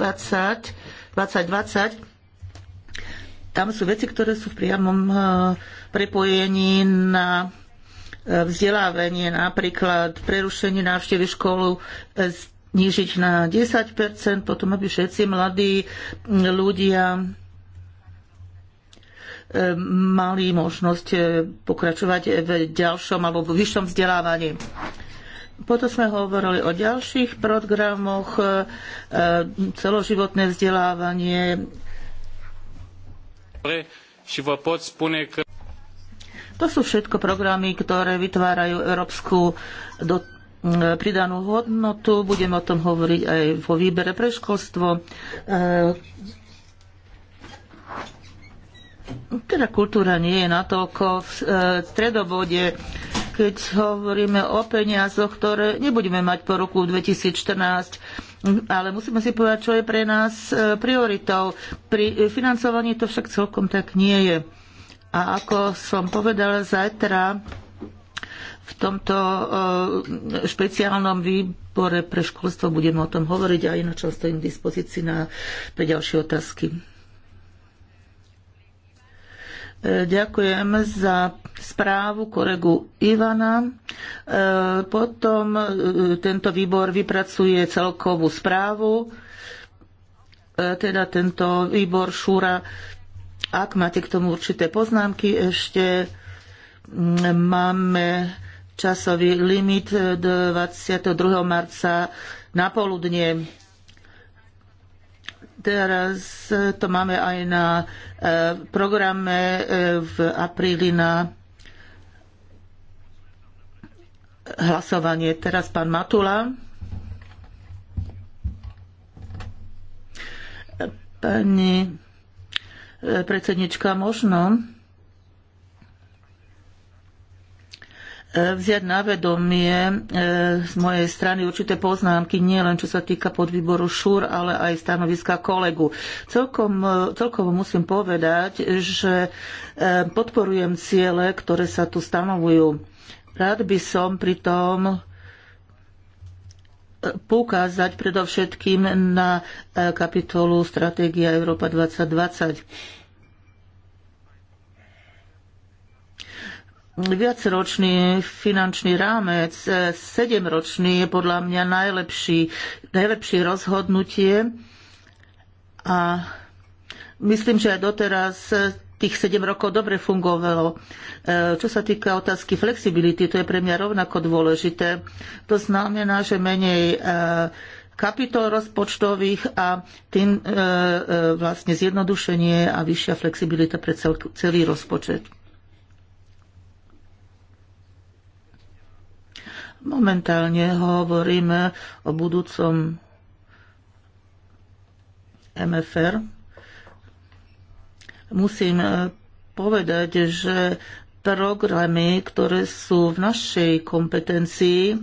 S2: 2020, tam sú veci, ktoré sú v priamom e, prepojení na vzdelávanie, napríklad prerušenie návštevy školu, znižiť na 10%, potom aby všetci mladí ľudia e, mali možnosť e, pokračovať v ďalšom alebo v vyššom vzdelávaní. Potom sme hovorili o ďalších programoch, e, celoživotné vzdelávanie. To sú všetko programy, ktoré vytvárajú európsku E, pridanú hodnotu. Budeme o tom hovoriť aj vo výbere pre školstvo. E, teda kultúra nie je natoľko v e, stredobode, keď hovoríme o peniazoch, ktoré nebudeme mať po roku 2014, ale musíme si povedať, čo je pre nás prioritou. Pri financovaní to však celkom tak nie je. A ako som povedala, zajtra v tomto eh, špeciálnom výbore pre školstvo budeme o tom hovoriť a ináč stojím k dispozícii na pre ďalšie otázky. Eh, ďakujem za správu kolegu Ivana. Eh, potom tento výbor vypracuje celkovú správu, teda tento výbor Šúra. Ak máte k tomu určité poznámky, ešte mm, máme časový limit 22. E, marca na poludnie. Teraz e, to máme aj na e, programe v apríli na hlasovanie. Teraz pán Matula. Pani predsednička, možno vziať na vedomie e, z mojej strany určité poznámky, nie len čo sa týka podvýboru ŠUR, ale aj stanoviska kolegu. Celkom, e, celkovo musím povedať, že e, podporujem ciele, ktoré sa tu stanovujú. Rád by som pritom poukázať predovšetkým na kapitolu Stratégia Európa 2020 viacročný finančný rámec, e, sedemročný je podľa mňa najlepší, najlepšie rozhodnutie a myslím, že aj doteraz e, tých 7 rokov dobre fungovalo. E, čo sa týka otázky flexibility, to je pre mňa rovnako dôležité. To znamená, že menej kapitol rozpočtových a tým vlastne zjednodušenie a vyššia flexibilita pre celý rozpočet. Momentálne hovoríme o budúcom MFR. Musím e, povedať, že programy, ktoré sú v našej kompetencii,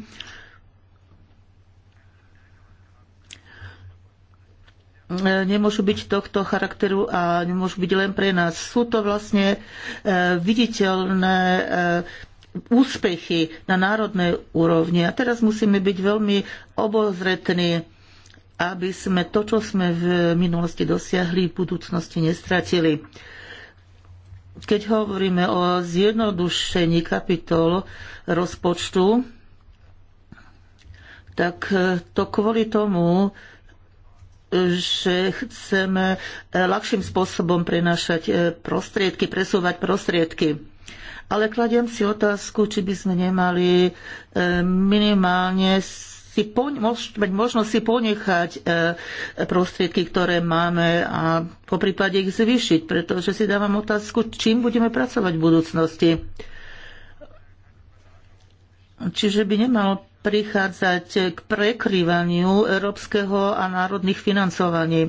S2: e, nemôžu byť tohto charakteru a nemôžu byť len pre nás. Sú to vlastne e, viditeľné úspechy na národnej úrovni. A teraz musíme byť veľmi obozretní, aby sme to, čo sme v minulosti dosiahli, v budúcnosti nestratili. Keď hovoríme o zjednodušení kapitol rozpočtu, tak to kvôli tomu, že chceme ľahším spôsobom prenášať eh, prostriedky, presúvať prostriedky. Ale kladiem si otázku, či by sme nemali e, minimálne si po, mož, možno si ponechať e, prostriedky, ktoré máme a po prípade ich zvýšiť, pretože si dávam otázku, čím budeme pracovať v budúcnosti. Čiže by nemalo prichádzať k prekryvaniu európskeho a národných financovaní.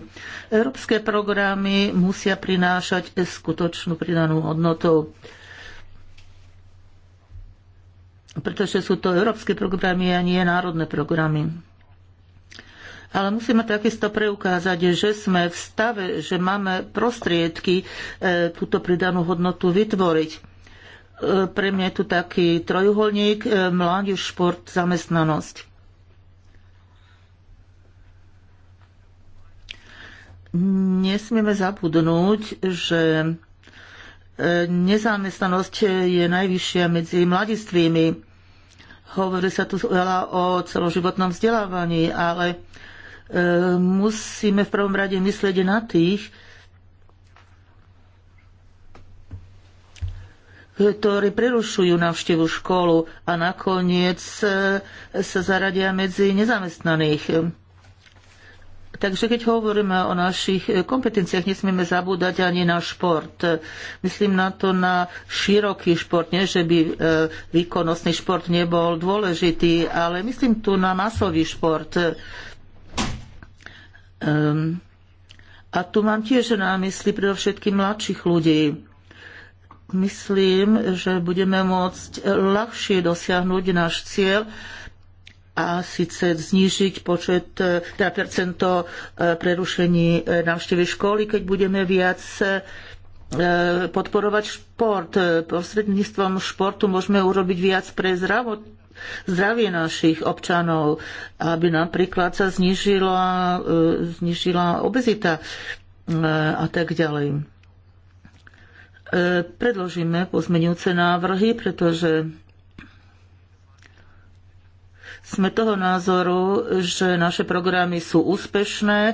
S2: Európske programy musia prinášať skutočnú pridanú hodnotu pretože sú to európske programy a nie národné programy. Ale musíme takisto preukázať, že sme v stave, že máme prostriedky e, túto pridanú hodnotu vytvoriť. E, pre mňa je tu taký trojuholník e, mládež, šport, zamestnanosť. Nesmieme zabudnúť, že nezamestnanosť je najvyššia medzi mladistvými. Hovorí sa tu veľa o celoživotnom vzdelávaní, ale e, musíme v prvom rade myslieť na tých, ktorí prerušujú návštevu školu a nakoniec e, sa zaradia medzi nezamestnaných. Takže keď hovoríme o našich e, kompetenciách, nesmieme zabúdať ani na šport. Myslím na to na široký šport, nie že by e, výkonnostný šport nebol dôležitý, ale myslím tu na masový šport. Ehm, a tu mám tiež na mysli predovšetkým mladších ľudí. Myslím, že budeme môcť ľahšie dosiahnuť náš cieľ, a síce znižiť počet, e, teda percento e, prerušení e, návštevy školy, keď budeme viac podporovať šport. Prostredníctvom športu môžeme urobiť viac pre zdravot, zdravie našich občanov, aby napríklad sa znižila, znižila obezita a tak ďalej. Predložíme pozmeňujúce návrhy, pretože sme toho názoru, že naše programy sú úspešné e,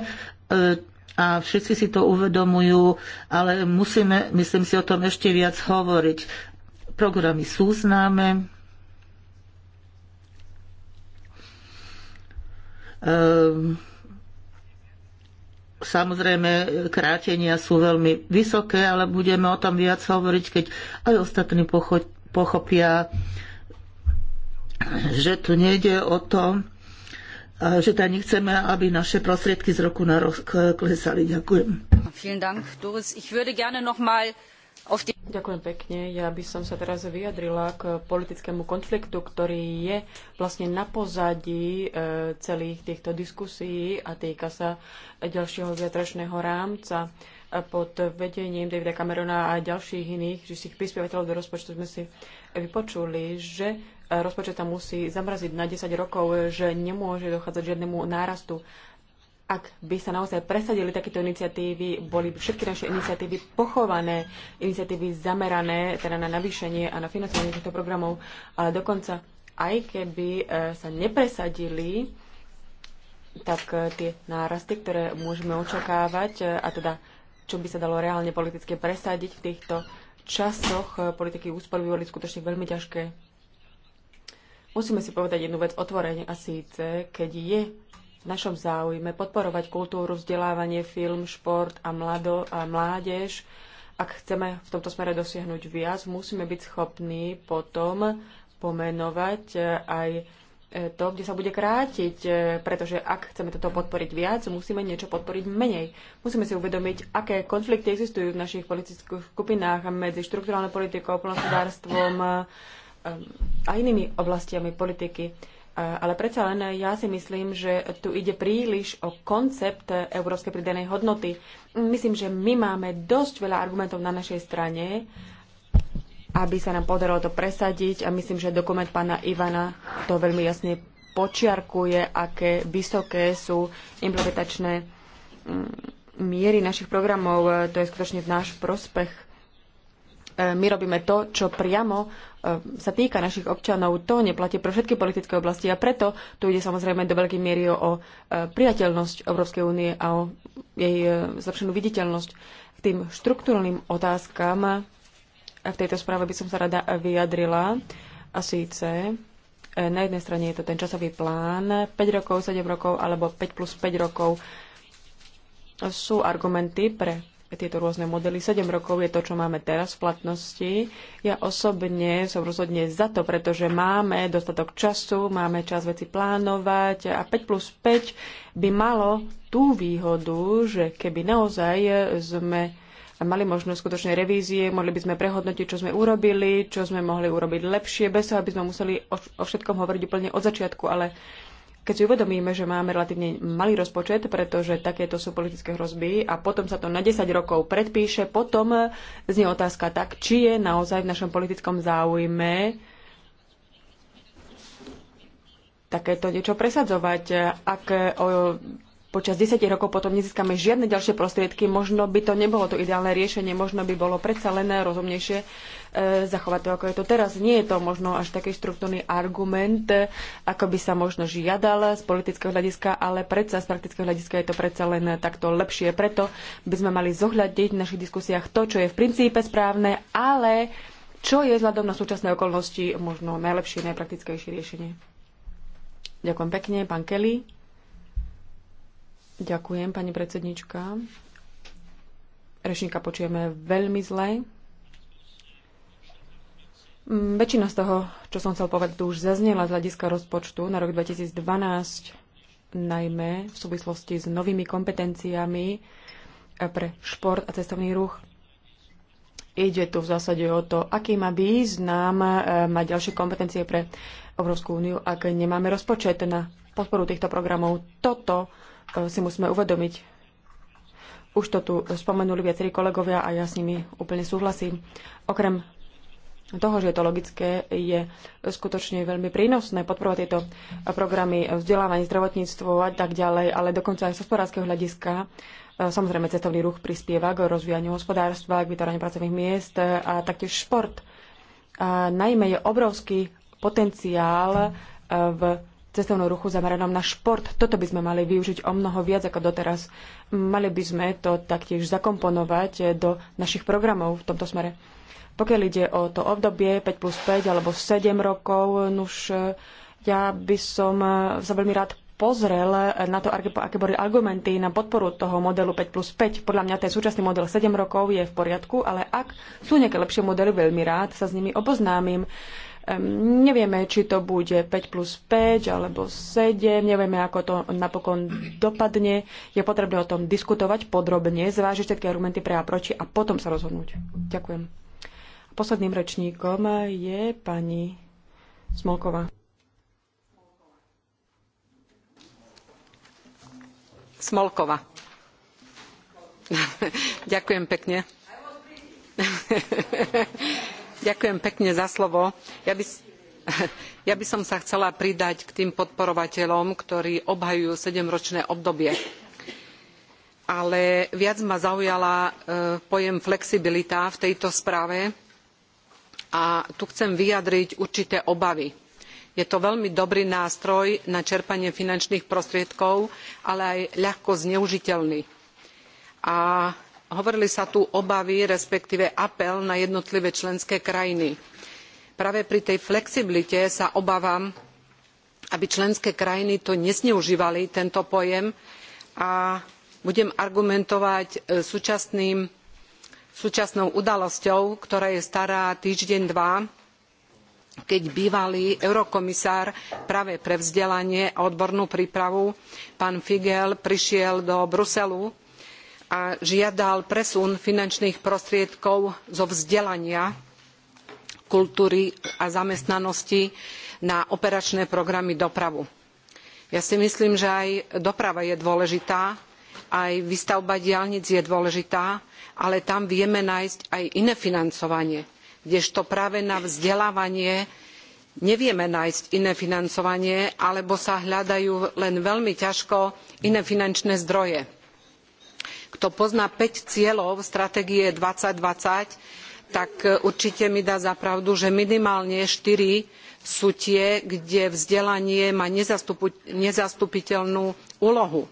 S2: a všetci si to uvedomujú, ale musíme, myslím si, o tom ešte viac hovoriť. Programy sú známe, e, Samozrejme, krátenia sú veľmi vysoké, ale budeme o tom viac hovoriť, keď aj ostatní pochopia že tu nejde o to, že tam nechceme, aby naše prostriedky z roku na rok klesali. Ďakujem.
S1: Ďakujem pekne. Ja by som sa teraz vyjadrila k politickému konfliktu, ktorý je vlastne na pozadí e, celých týchto diskusí a týka sa ďalšieho viatračného rámca pod vedením Davida Camerona a ďalších iných, že si ich prispievateľov do rozpočtu sme si vypočuli, že rozpočet sa musí zamraziť na 10 rokov, že nemôže dochádzať žiadnemu nárastu. Ak by sa naozaj presadili takéto iniciatívy, boli by všetky naše iniciatívy pochované, iniciatívy zamerané teda na navýšenie a na financovanie týchto programov, ale dokonca aj keby e, sa nepresadili, tak e, tie nárasty, ktoré môžeme očakávať, e, a teda čo by sa dalo reálne politicky presadiť v týchto časoch politiky úspor by boli skutočne veľmi ťažké. Musíme si povedať jednu vec otvorene a síce, keď je v našom záujme podporovať kultúru, vzdelávanie, film, šport a, mlado, a mládež, ak chceme v tomto smere dosiahnuť viac, musíme byť schopní potom pomenovať e, aj e, to, kde sa bude krátiť, e, pretože ak chceme toto podporiť viac, musíme niečo podporiť menej. Musíme si uvedomiť, aké konflikty existujú v našich politických skupinách medzi štruktúrálnou politikou, plnospodárstvom, a inými oblastiami politiky. Ale predsa len ja si myslím, že tu ide príliš o koncept európskej pridanej hodnoty. Myslím, že my máme dosť veľa argumentov na našej strane, aby sa nám podarilo to presadiť a myslím, že dokument pána Ivana to veľmi jasne počiarkuje, aké vysoké sú implementačné mm, miery našich programov. To je skutočne v náš prospech E, my robíme to, čo priamo e, sa týka našich občanov. To neplatí pre všetky politické oblasti a preto tu ide samozrejme do veľkej miery o priateľnosť Európskej únie a o jej e, zlepšenú viditeľnosť. K tým štruktúrnym otázkam v tejto správe by som sa rada vyjadrila a síce na jednej strane je to ten časový plán 5 rokov, 7 rokov alebo 5 plus 5 rokov sú argumenty pre tieto rôzne modely. 7 rokov je to, čo máme teraz v platnosti. Ja osobne som rozhodne za to, pretože máme dostatok času, máme čas veci plánovať a 5 plus 5 by malo tú výhodu, že keby naozaj sme mali možnosť skutočnej revízie, mohli by sme prehodnotiť, čo sme urobili, čo sme mohli urobiť lepšie, bez toho, aby sme museli o, o všetkom hovoriť úplne od začiatku, ale keď si uvedomíme, že máme relatívne malý rozpočet, pretože takéto sú politické hrozby a potom sa to na 10 rokov predpíše, potom znie otázka tak, či je naozaj v našom politickom záujme takéto niečo presadzovať, ak o počas 10 rokov potom nezískame žiadne ďalšie prostriedky, možno by to nebolo to ideálne riešenie, možno by bolo predsa len rozumnejšie e, zachovať to, ako je to teraz. Nie je to možno až taký štruktúrny argument, e, ako by sa možno žiadal z politického hľadiska, ale predsa z praktického hľadiska je to predsa len takto lepšie. Preto by sme mali zohľadiť v našich diskusiách to, čo je v princípe správne, ale čo je vzhľadom na súčasné okolnosti možno najlepšie, najpraktickejšie riešenie. Ďakujem pekne, pán Kelly. Ďakujem, pani predsednička. Rešníka počujeme veľmi zle. Mm, väčšina z toho, čo som chcel povedať, už zaznela z hľadiska rozpočtu na rok 2012, najmä v súvislosti s novými kompetenciami e, pre šport a cestovný ruch. Ide tu v zásade o to, aký má význam e, mať ďalšie kompetencie pre Európsku úniu, ak nemáme rozpočet na podporu týchto programov. Toto si musíme uvedomiť. Už to tu spomenuli viacerí kolegovia a ja s nimi úplne súhlasím. Okrem toho, že je to logické, je skutočne veľmi prínosné podporovať tieto programy vzdelávanie, zdravotníctvo a tak ďalej, ale dokonca aj z hospodárskeho hľadiska. E, samozrejme, cestovný ruch prispieva k rozvíjaniu hospodárstva, k vytváraniu pracovných miest a taktiež šport. A najmä je obrovský potenciál e, v cestovnom ruchu zameranom na šport. Toto by sme mali využiť o mnoho viac ako doteraz. Mali by sme to taktiež zakomponovať do našich programov v tomto smere. Pokiaľ ide o to obdobie 5 plus 5 alebo 7 rokov, nuž ja by som sa veľmi rád pozrel na to, aké boli argumenty na podporu toho modelu 5 plus 5. Podľa mňa ten súčasný model 7 rokov je v poriadku, ale ak sú nejaké lepšie modely, veľmi rád sa s nimi oboznámim. Nevieme, či to bude 5 plus 5 alebo 7, nevieme, ako to napokon dopadne. Je potrebné o tom diskutovať podrobne, zvážiť všetky argumenty pre a proti a potom sa rozhodnúť. Ďakujem. Posledným rečníkom je pani Smolková. Smolková.
S4: Ďakujem pekne. Ďakujem pekne za slovo. Ja by, som sa chcela pridať k tým podporovateľom, ktorí obhajujú sedemročné obdobie. Ale viac ma zaujala e, pojem flexibilita v tejto správe a tu chcem vyjadriť určité obavy je to veľmi dobrý nástroj na čerpanie finančných prostriedkov ale aj ľahko zneužiteľný a hovorili sa tu obavy respektíve apel na jednotlivé členské krajiny. práve pri tej flexibilite sa obávam aby členské krajiny to nezneužívali tento pojem a budem argumentovať e, súčasnou udalosťou ktorá je stará týždeň dva keď bývalý eurokomisár práve pre vzdelanie a odbornú prípravu pán figel prišiel do bruselu a žiadal presun finančných prostriedkov zo vzdelania kultúry a zamestnanosti na operačné programy dopravu. ja si myslím že aj doprava je dôležitá aj výstavba diaľnic je dôležitá ale tam vieme nájsť aj iné financovanie kdežto práve na vzdelávanie nevieme nájsť iné financovanie alebo sa hľadajú len veľmi ťažko iné finančné zdroje kto pozná 5 cieľov stratégie 2020, tak e, určite mi dá za pravdu, že minimálne štyri sú tie, kde vzdelanie má nezastupiteľnú úlohu.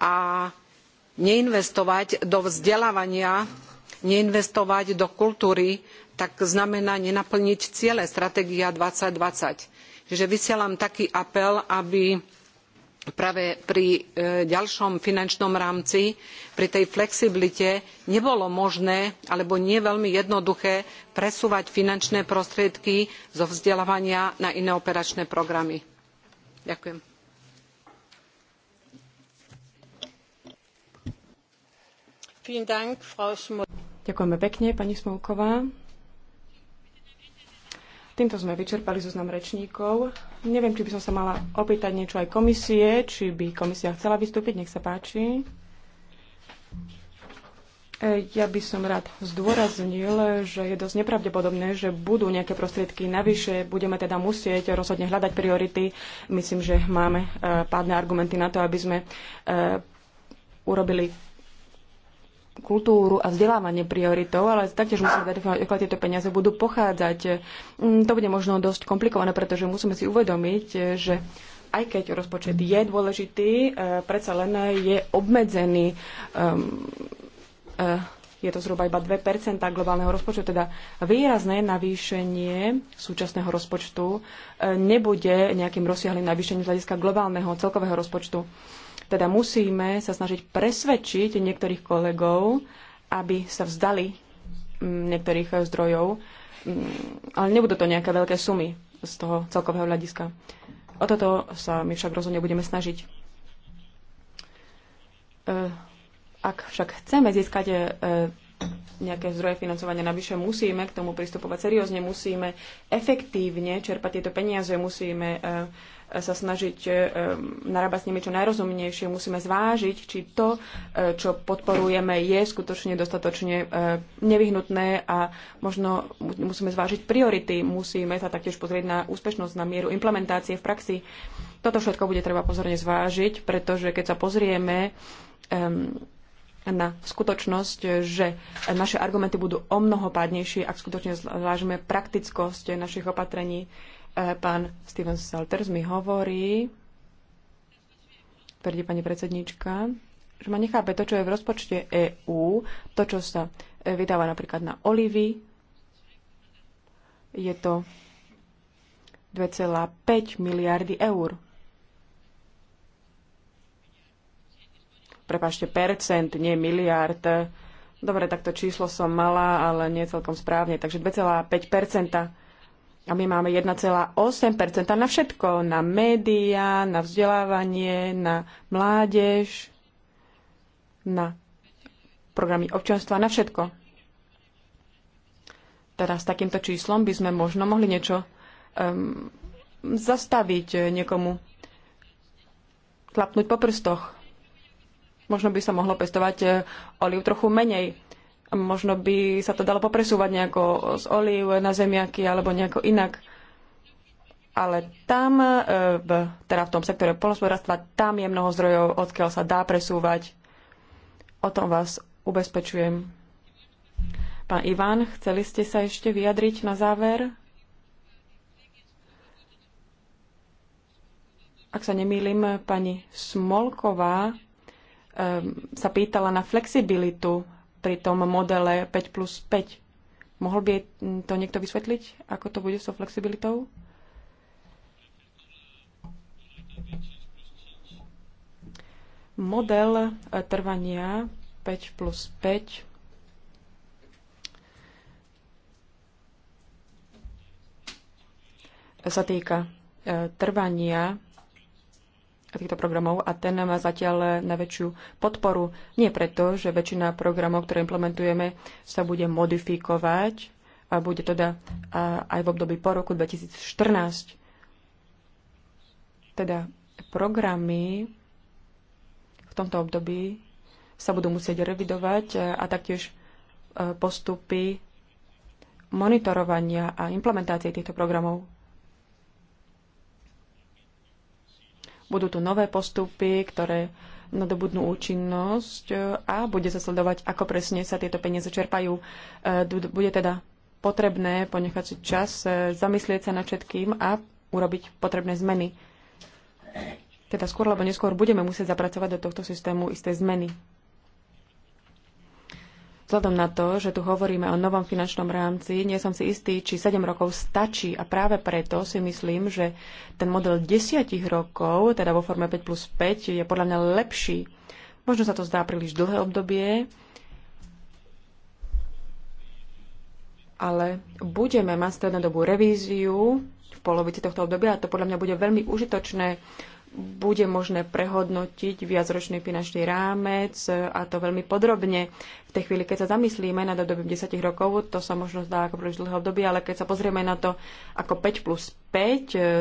S4: A neinvestovať do vzdelávania, neinvestovať do kultúry, tak znamená nenaplniť ciele stratégia two thousand and twenty čiže vysielam taký apel aby práve pri e, ďalšom finančnom rámci pri tej flexibilite nebolo možné alebo nie veľmi jednoduché presúvať finančné prostriedky zo vzdelávania na iné operačné programy. ďakujem.
S1: Ďakujeme pekne, pani Smolková. Týmto sme vyčerpali zoznam rečníkov. Neviem, či by som sa mala opýtať niečo aj komisie, či by komisia chcela vystúpiť. Nech sa páči. E, ja by som rád zdôraznil, že je dosť nepravdepodobné, že budú nejaké prostriedky navyše. Budeme teda musieť rozhodne hľadať priority. Myslím, že máme e, pádne argumenty na to, aby sme e, urobili kultúru a vzdelávanie prioritou, ale taktiež musíme verifikovať, ako tieto peniaze budú pochádzať. Mm, to bude možno dosť komplikované, pretože musíme si uvedomiť, že aj keď rozpočet je dôležitý, e, predsa len je obmedzený. Ehm, e, je to zhruba iba 2 globálneho rozpočtu, teda výrazné navýšenie súčasného rozpočtu e, nebude nejakým rozsiahlým navýšením z hľadiska globálneho celkového rozpočtu. Teda musíme sa snažiť presvedčiť niektorých kolegov, aby sa vzdali mm, niektorých zdrojov, mm, ale nebudú to nejaké veľké sumy z toho celkového hľadiska. O toto sa my však rozhodne budeme snažiť. E, ak však chceme získať e, nejaké zdroje financovania navyše, musíme k tomu pristupovať seriózne, musíme efektívne čerpať tieto peniaze, musíme e, sa snažiť e, narábať s nimi čo najrozumnejšie. Musíme zvážiť, či to, e, čo podporujeme, je skutočne dostatočne e, nevyhnutné a možno musíme zvážiť priority. Musíme sa taktiež pozrieť na úspešnosť, na mieru implementácie v praxi. Toto všetko bude treba pozorne zvážiť, pretože keď sa pozrieme na skutočnosť, že naše argumenty budú o mnoho pádnejšie, ak skutočne zvážime praktickosť našich opatrení. Eh, pán Steven Salters mi hovorí, tvrdí pani predsedníčka, že ma nechápe to, čo je v rozpočte EÚ, to, čo sa eh, vydáva napríklad na olivy, je to 2,5 miliardy eur. Prepašte, percent, nie miliard. Dobre, takto číslo som mala, ale nie celkom správne. Takže 2,5 a my máme 1,8% na všetko, na médiá, na vzdelávanie, na mládež, na programy občanstva, na všetko. Teraz s takýmto číslom by sme možno mohli niečo um, zastaviť niekomu, klapnúť po prstoch. Možno by sa mohlo pestovať eh, oliv trochu menej Možno by sa to dalo popresúvať nejako z olív na zemiaky alebo nejako inak. Ale tam, e, v, teda v tom sektore polospodárstva, tam je mnoho zdrojov, odkiaľ sa dá presúvať. O tom vás ubezpečujem. Pán Ivan, chceli ste sa ešte vyjadriť na záver? Ak sa nemýlim, pani Smolková e, sa pýtala na flexibilitu pri tom modele 5 plus 5. Mohol by to niekto vysvetliť, ako to bude so flexibilitou? Model e, trvania 5 plus 5 sa týka e, trvania týchto programov a ten má zatiaľ najväčšiu podporu. Nie preto, že väčšina programov, ktoré implementujeme, sa bude modifikovať a bude teda aj v období po roku 2014. Teda programy v tomto období sa budú musieť revidovať a taktiež e, postupy monitorovania a implementácie týchto programov Budú tu nové postupy, ktoré nadobudnú účinnosť a bude sa sledovať, ako presne sa tieto peniaze čerpajú. E, bude teda potrebné ponechať si čas, e, zamyslieť sa nad všetkým a urobiť potrebné zmeny. Teda skôr alebo neskôr budeme musieť zapracovať do tohto systému isté zmeny. Vzhľadom na to, že tu hovoríme o novom finančnom rámci, nie som si istý, či 7 rokov stačí a práve preto si myslím, že ten model 10 rokov, teda vo forme 5 plus 5, je podľa mňa lepší. Možno sa to zdá príliš dlhé obdobie, ale budeme mať strednodobú revíziu v polovici tohto obdobia a to podľa mňa bude veľmi užitočné bude možné prehodnotiť viacročný finančný rámec a to veľmi podrobne. V tej chvíli, keď sa zamyslíme na obdobím 10 rokov, to sa možno zdá ako príliš dlhé obdobie, ale keď sa pozrieme na to ako 5 plus 5 e,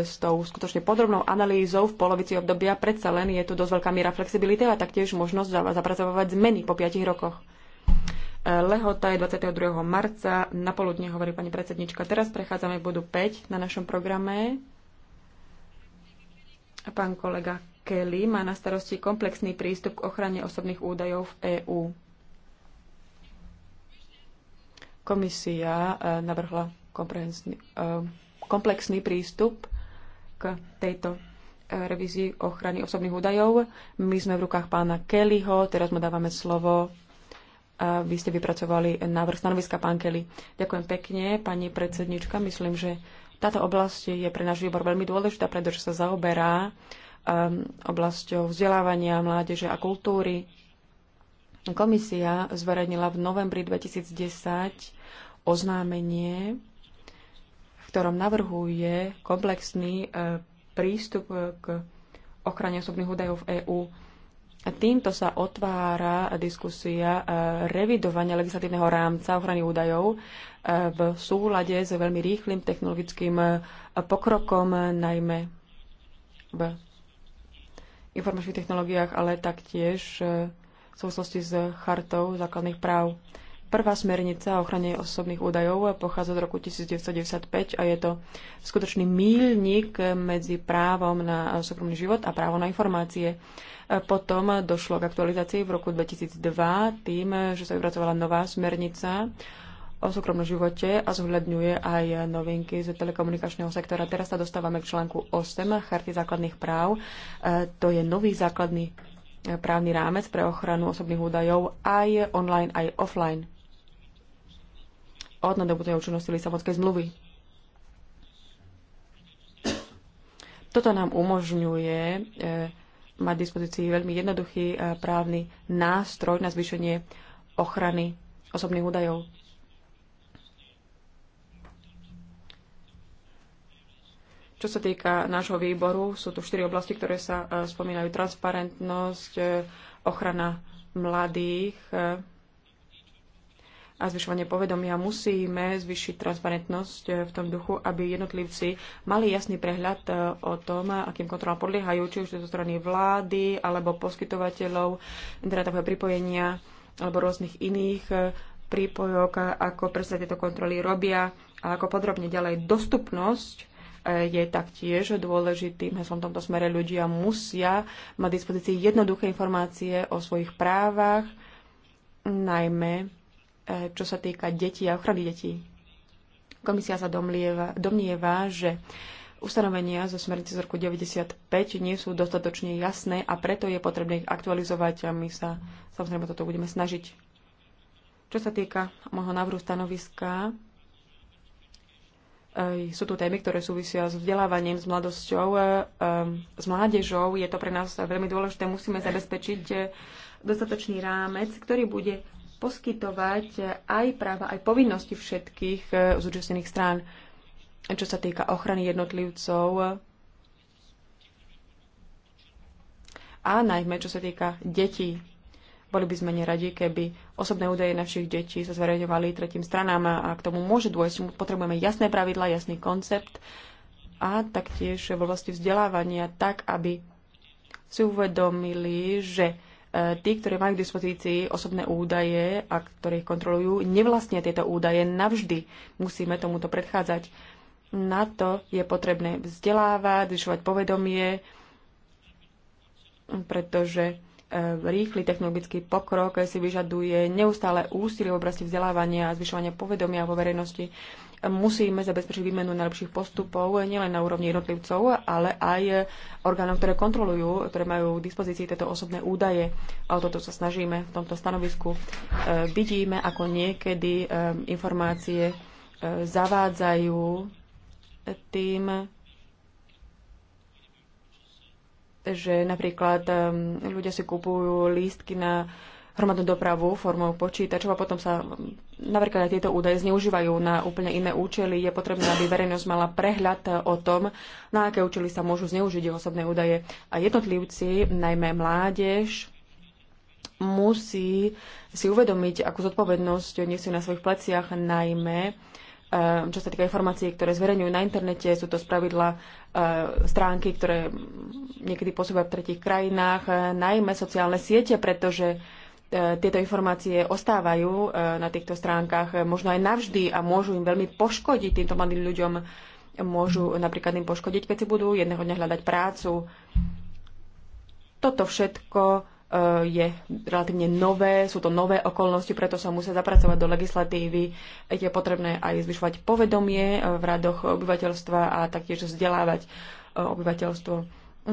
S1: s tou skutočne podrobnou analýzou v polovici obdobia, predsa len je tu dosť veľká miera flexibility a taktiež možnosť zapracovať zmeny po 5 rokoch. E, lehota je 22. marca, na poludne hovorí pani predsednička. Teraz prechádzame k bodu 5 na našom programe. Pán kolega Kelly má na starosti komplexný prístup k ochrane osobných údajov v EÚ. Komisia e, navrhla e, komplexný prístup k tejto e, revízii ochrany osobných údajov. My sme v rukách pána Kellyho, teraz mu dávame slovo. Vy ste vypracovali návrh stanoviska, pán Kelly. Ďakujem pekne, pani predsednička. Myslím, že táto oblasť je pre náš výbor veľmi dôležitá, pretože sa zaoberá um, oblasťou vzdelávania, mládeže a kultúry. Komisia zverejnila v novembri 2010 oznámenie, v ktorom navrhuje komplexný uh, prístup k ochrane osobných údajov v EÚ. A týmto sa otvára diskusia e, revidovania legislatívneho rámca ochrany údajov e, v súlade s veľmi rýchlým technologickým e, pokrokom, najmä v informačných technológiách, ale taktiež v súvislosti s chartou základných práv. Prvá smernica o ochrane osobných údajov pochádza z roku 1995 a je to skutočný míľnik medzi právom na súkromný život a právo na informácie. Potom došlo k aktualizácii v roku 2002 tým, že sa vypracovala nová smernica o súkromnom živote a zohľadňuje aj novinky z telekomunikačného sektora. Teraz sa dostávame k článku 8 Charty základných práv. To je nový základný e, právny rámec pre ochranu osobných údajov aj online, aj offline od nadobudnej účinnosti Lisabonskej zmluvy. Toto nám umožňuje e, mať v dispozícii veľmi jednoduchý e, právny nástroj na zvýšenie ochrany osobných údajov. Čo sa týka nášho výboru, sú tu štyri oblasti, ktoré sa e, spomínajú. Transparentnosť, e, ochrana mladých, e, a zvyšovanie povedomia musíme zvyšiť transparentnosť eh, v tom duchu, aby jednotlivci mali jasný prehľad eh, o tom, akým kontrolám podliehajú, či už zo strany vlády, alebo poskytovateľov internetového pripojenia, alebo rôznych iných eh, prípojok, ako presne tieto kontroly robia a ako podrobne ďalej dostupnosť je taktiež dôležitým heslom v tomto smere. Ľudia musia mať dispozícii jednoduché informácie o svojich právach, najmä E, čo sa týka detí a ochrany detí. Komisia sa domlieva, domnieva, že ustanovenia zo smernice z roku 95 nie sú dostatočne jasné a preto je potrebné ich aktualizovať a my sa samozrejme toto budeme snažiť. Čo sa týka môjho návrhu stanoviska, e, sú tu témy, ktoré súvisia s vzdelávaním, s mladosťou, e, s mládežou. Je to pre nás veľmi dôležité. Musíme zabezpečiť dostatočný rámec, ktorý bude poskytovať aj práva, aj povinnosti všetkých eh, zúčastnených strán, čo sa týka ochrany jednotlivcov a najmä čo sa týka detí. Boli by sme neradi, keby osobné údaje našich detí sa zverejňovali tretím stranám a k tomu môže dôjsť. Potrebujeme jasné pravidla, jasný koncept a taktiež v oblasti vzdelávania tak, aby si uvedomili, že tí, ktorí majú k dispozícii osobné údaje a ktorých kontrolujú, nevlastnia tieto údaje navždy. Musíme tomuto predchádzať. Na to je potrebné vzdelávať, zvyšovať povedomie, pretože e, rýchly technologický pokrok si vyžaduje neustále úsilie v oblasti vzdelávania a zvyšovania povedomia vo verejnosti musíme zabezpečiť výmenu najlepších postupov nielen na úrovni jednotlivcov, ale aj orgánov, ktoré kontrolujú, ktoré majú v dispozícii tieto osobné údaje. A o toto sa snažíme v tomto stanovisku. E, vidíme, ako niekedy e, informácie e, zavádzajú tým, že napríklad ľudia si kupujú lístky na hromadnú dopravu formou počítačov a potom sa napríklad aj tieto údaje zneužívajú na úplne iné účely. Je potrebné, aby verejnosť mala prehľad o tom, na aké účely sa môžu zneužiť osobné údaje. A jednotlivci, najmä mládež, musí si uvedomiť, akú zodpovednosť nesú na svojich pleciach, najmä eh, čo sa týka informácií, ktoré zverejňujú na internete, sú to spravidla eh, stránky, ktoré niekedy posúvajú v tretich krajinách, eh, najmä sociálne siete, pretože E, tieto informácie ostávajú e, na týchto stránkach možno aj navždy a môžu im veľmi poškodiť týmto mladým ľuďom. Môžu napríklad im poškodiť, keď si budú jedného dňa hľadať prácu. Toto všetko e, je relatívne nové, sú to nové okolnosti, preto sa musia zapracovať do legislatívy. Je potrebné aj zvyšovať povedomie v radoch obyvateľstva a taktiež vzdelávať obyvateľstvo.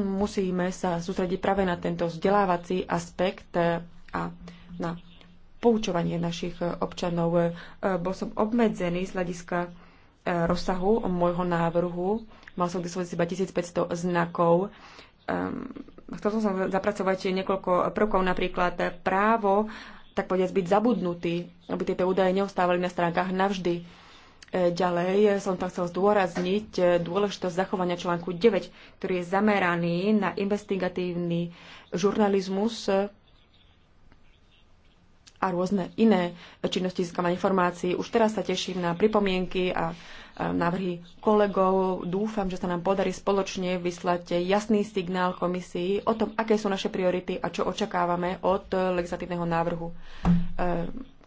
S1: Musíme sa sústrediť práve na tento vzdelávací aspekt a na poučovanie našich e, občanov. E, bol som obmedzený z hľadiska e, rozsahu môjho návrhu. Mal som k dispozícii iba 1500 znakov. Ehm, chcel som sa zapracovať niekoľko prvkov, napríklad právo, tak povediať, byť zabudnutý, aby tieto údaje neostávali na stránkach navždy. Ďalej som tam chcel zdôrazniť dôležitosť zachovania článku 9, ktorý je zameraný na investigatívny žurnalizmus a rôzne iné činnosti získavania informácií. Už teraz sa teším na pripomienky a e, návrhy kolegov. Dúfam, že sa nám podarí spoločne vyslať jasný signál komisii o tom, aké sú naše priority a čo očakávame od legislatívneho návrhu, e,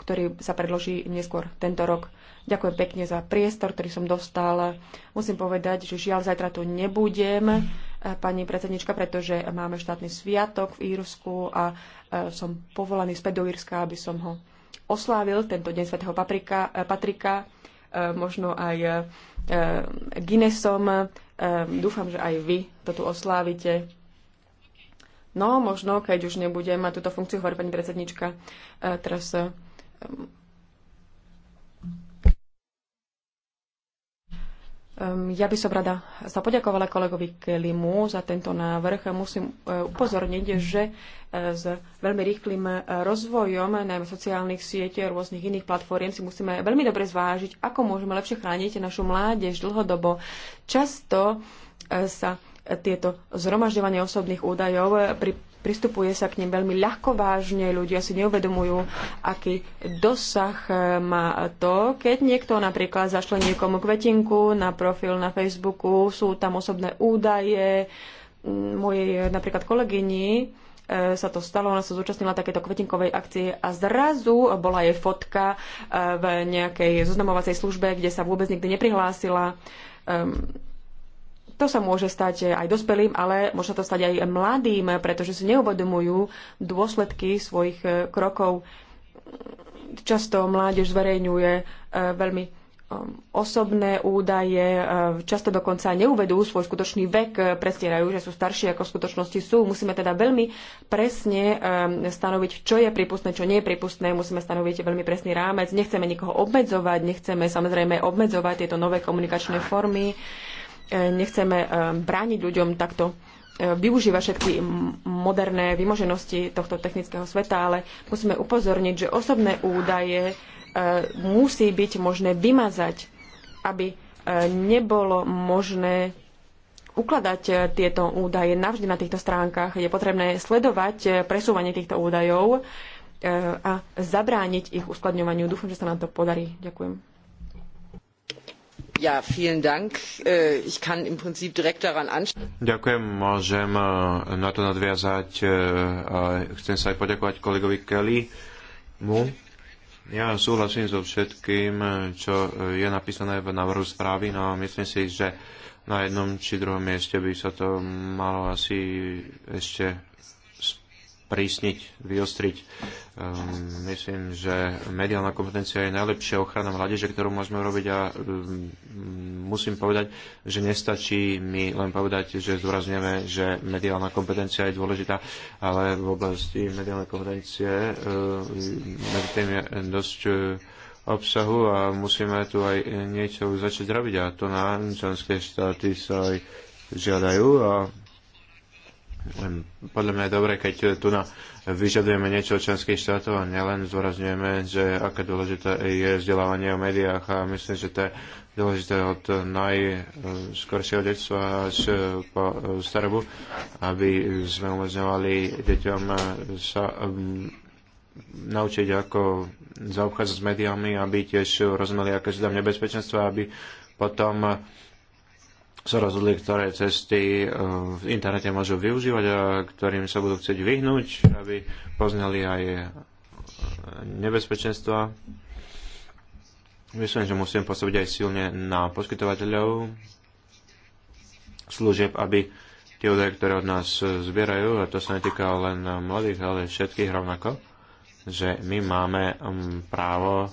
S1: ktorý sa predloží neskôr tento rok. Ďakujem pekne za priestor, ktorý som dostal. Musím povedať, že žiaľ zajtra tu nebudem Eh, pani predsednička, pretože máme štátny sviatok v Írsku a eh, som povolaný späť do Írska, aby som ho oslávil, tento deň svätého eh, Patrika, možno aj Guinnessom. Dúfam, že aj vy to tu oslávite. No, možno, keď už nebudem mať túto funkciu, hovorí pani predsednička, teraz Ehm, ja by som rada sa poďakovala kolegovi Kelimu za tento návrh. Musím e, upozorniť, že e, s veľmi rýchlým e, rozvojom najmä sociálnych sietí a rôznych iných platform si musíme veľmi dobre zvážiť, ako môžeme lepšie chrániť našu mládež dlhodobo. Často sa tieto zhromažďovanie osobných údajov pri pristupuje sa k nim veľmi ľahko vážne, ľudia si neuvedomujú, aký dosah e, má to, keď niekto napríklad zašle niekomu kvetinku na profil na Facebooku, sú tam osobné údaje, mojej e, napríklad kolegyni e, sa to stalo, ona sa zúčastnila takéto kvetinkovej akcie a zrazu bola jej fotka v nejakej zoznamovacej službe, kde sa vôbec nikdy neprihlásila. Ehm, to sa môže stať aj dospelým, ale môže to stať aj mladým, pretože si neuvedomujú dôsledky svojich e, krokov. Často mládež zverejňuje e, veľmi um, osobné údaje, e, často dokonca neuvedú svoj skutočný vek, prestierajú, že sú starší ako v skutočnosti sú. Musíme teda veľmi presne um, stanoviť, čo je prípustné, čo nie je prípustné. Musíme stanoviť veľmi presný rámec. Nechceme nikoho obmedzovať, nechceme samozrejme obmedzovať tieto nové komunikačné formy. E, nechceme e, brániť ľuďom takto e, využíva všetky moderné vymoženosti tohto technického sveta, ale musíme upozorniť, že osobné údaje musí byť možné vymazať, aby nebolo možné ukladať tieto údaje navždy na týchto stránkach. Je potrebné sledovať presúvanie týchto údajov a zabrániť ich uskladňovaniu. Dúfam, že sa nám to podarí. Ďakujem.
S4: Ja, äh, ich kann im Prinzip direkt daran
S3: Ďakujem, môžem äh, na to nadviazať. Äh, chcem sa aj poďakovať kolegovi Kelly. Mu. Ja súhlasím so všetkým, čo je napísané v návrhu správy, no myslím si, že na jednom či druhom mieste by sa to malo asi ešte sprísniť, vyostriť. Um, myslím, že mediálna kompetencia je najlepšia ochrana mládeže, ktorú môžeme robiť a um, musím povedať, že nestačí mi len povedať, že zdôrazňujeme, že mediálna kompetencia je dôležitá, ale v oblasti mediálnej kompetencie ehm, medzi tým je dosť eh, obsahu a musíme tu aj niečo začať robiť a to na členské štáty sa aj žiadajú a podľa mňa je dobré, keď tu na vyžadujeme niečo od členských štátov a nielen zdôrazňujeme, že aké dôležité je vzdelávanie o médiách a myslím, že to je dôležité od najskoršieho detstva až po e, starobu, aby sme umožňovali deťom sa naučiť, ako zaobchádzať s médiami, aby tiež rozumeli, aké sú tam nebezpečenstva, aby potom sa rozhodli, ktoré cesty eh, v internete môžu využívať a ktorým sa budú chcieť vyhnúť, aby poznali aj eh, nebezpečenstva. Myslím, že musím pôsobiť aj silne na poskytovateľov služieb, aby tie údaje, ktoré od nás eh, zbierajú, a to sa netýka len mladých, ale všetkých rovnako, že my máme mm, právo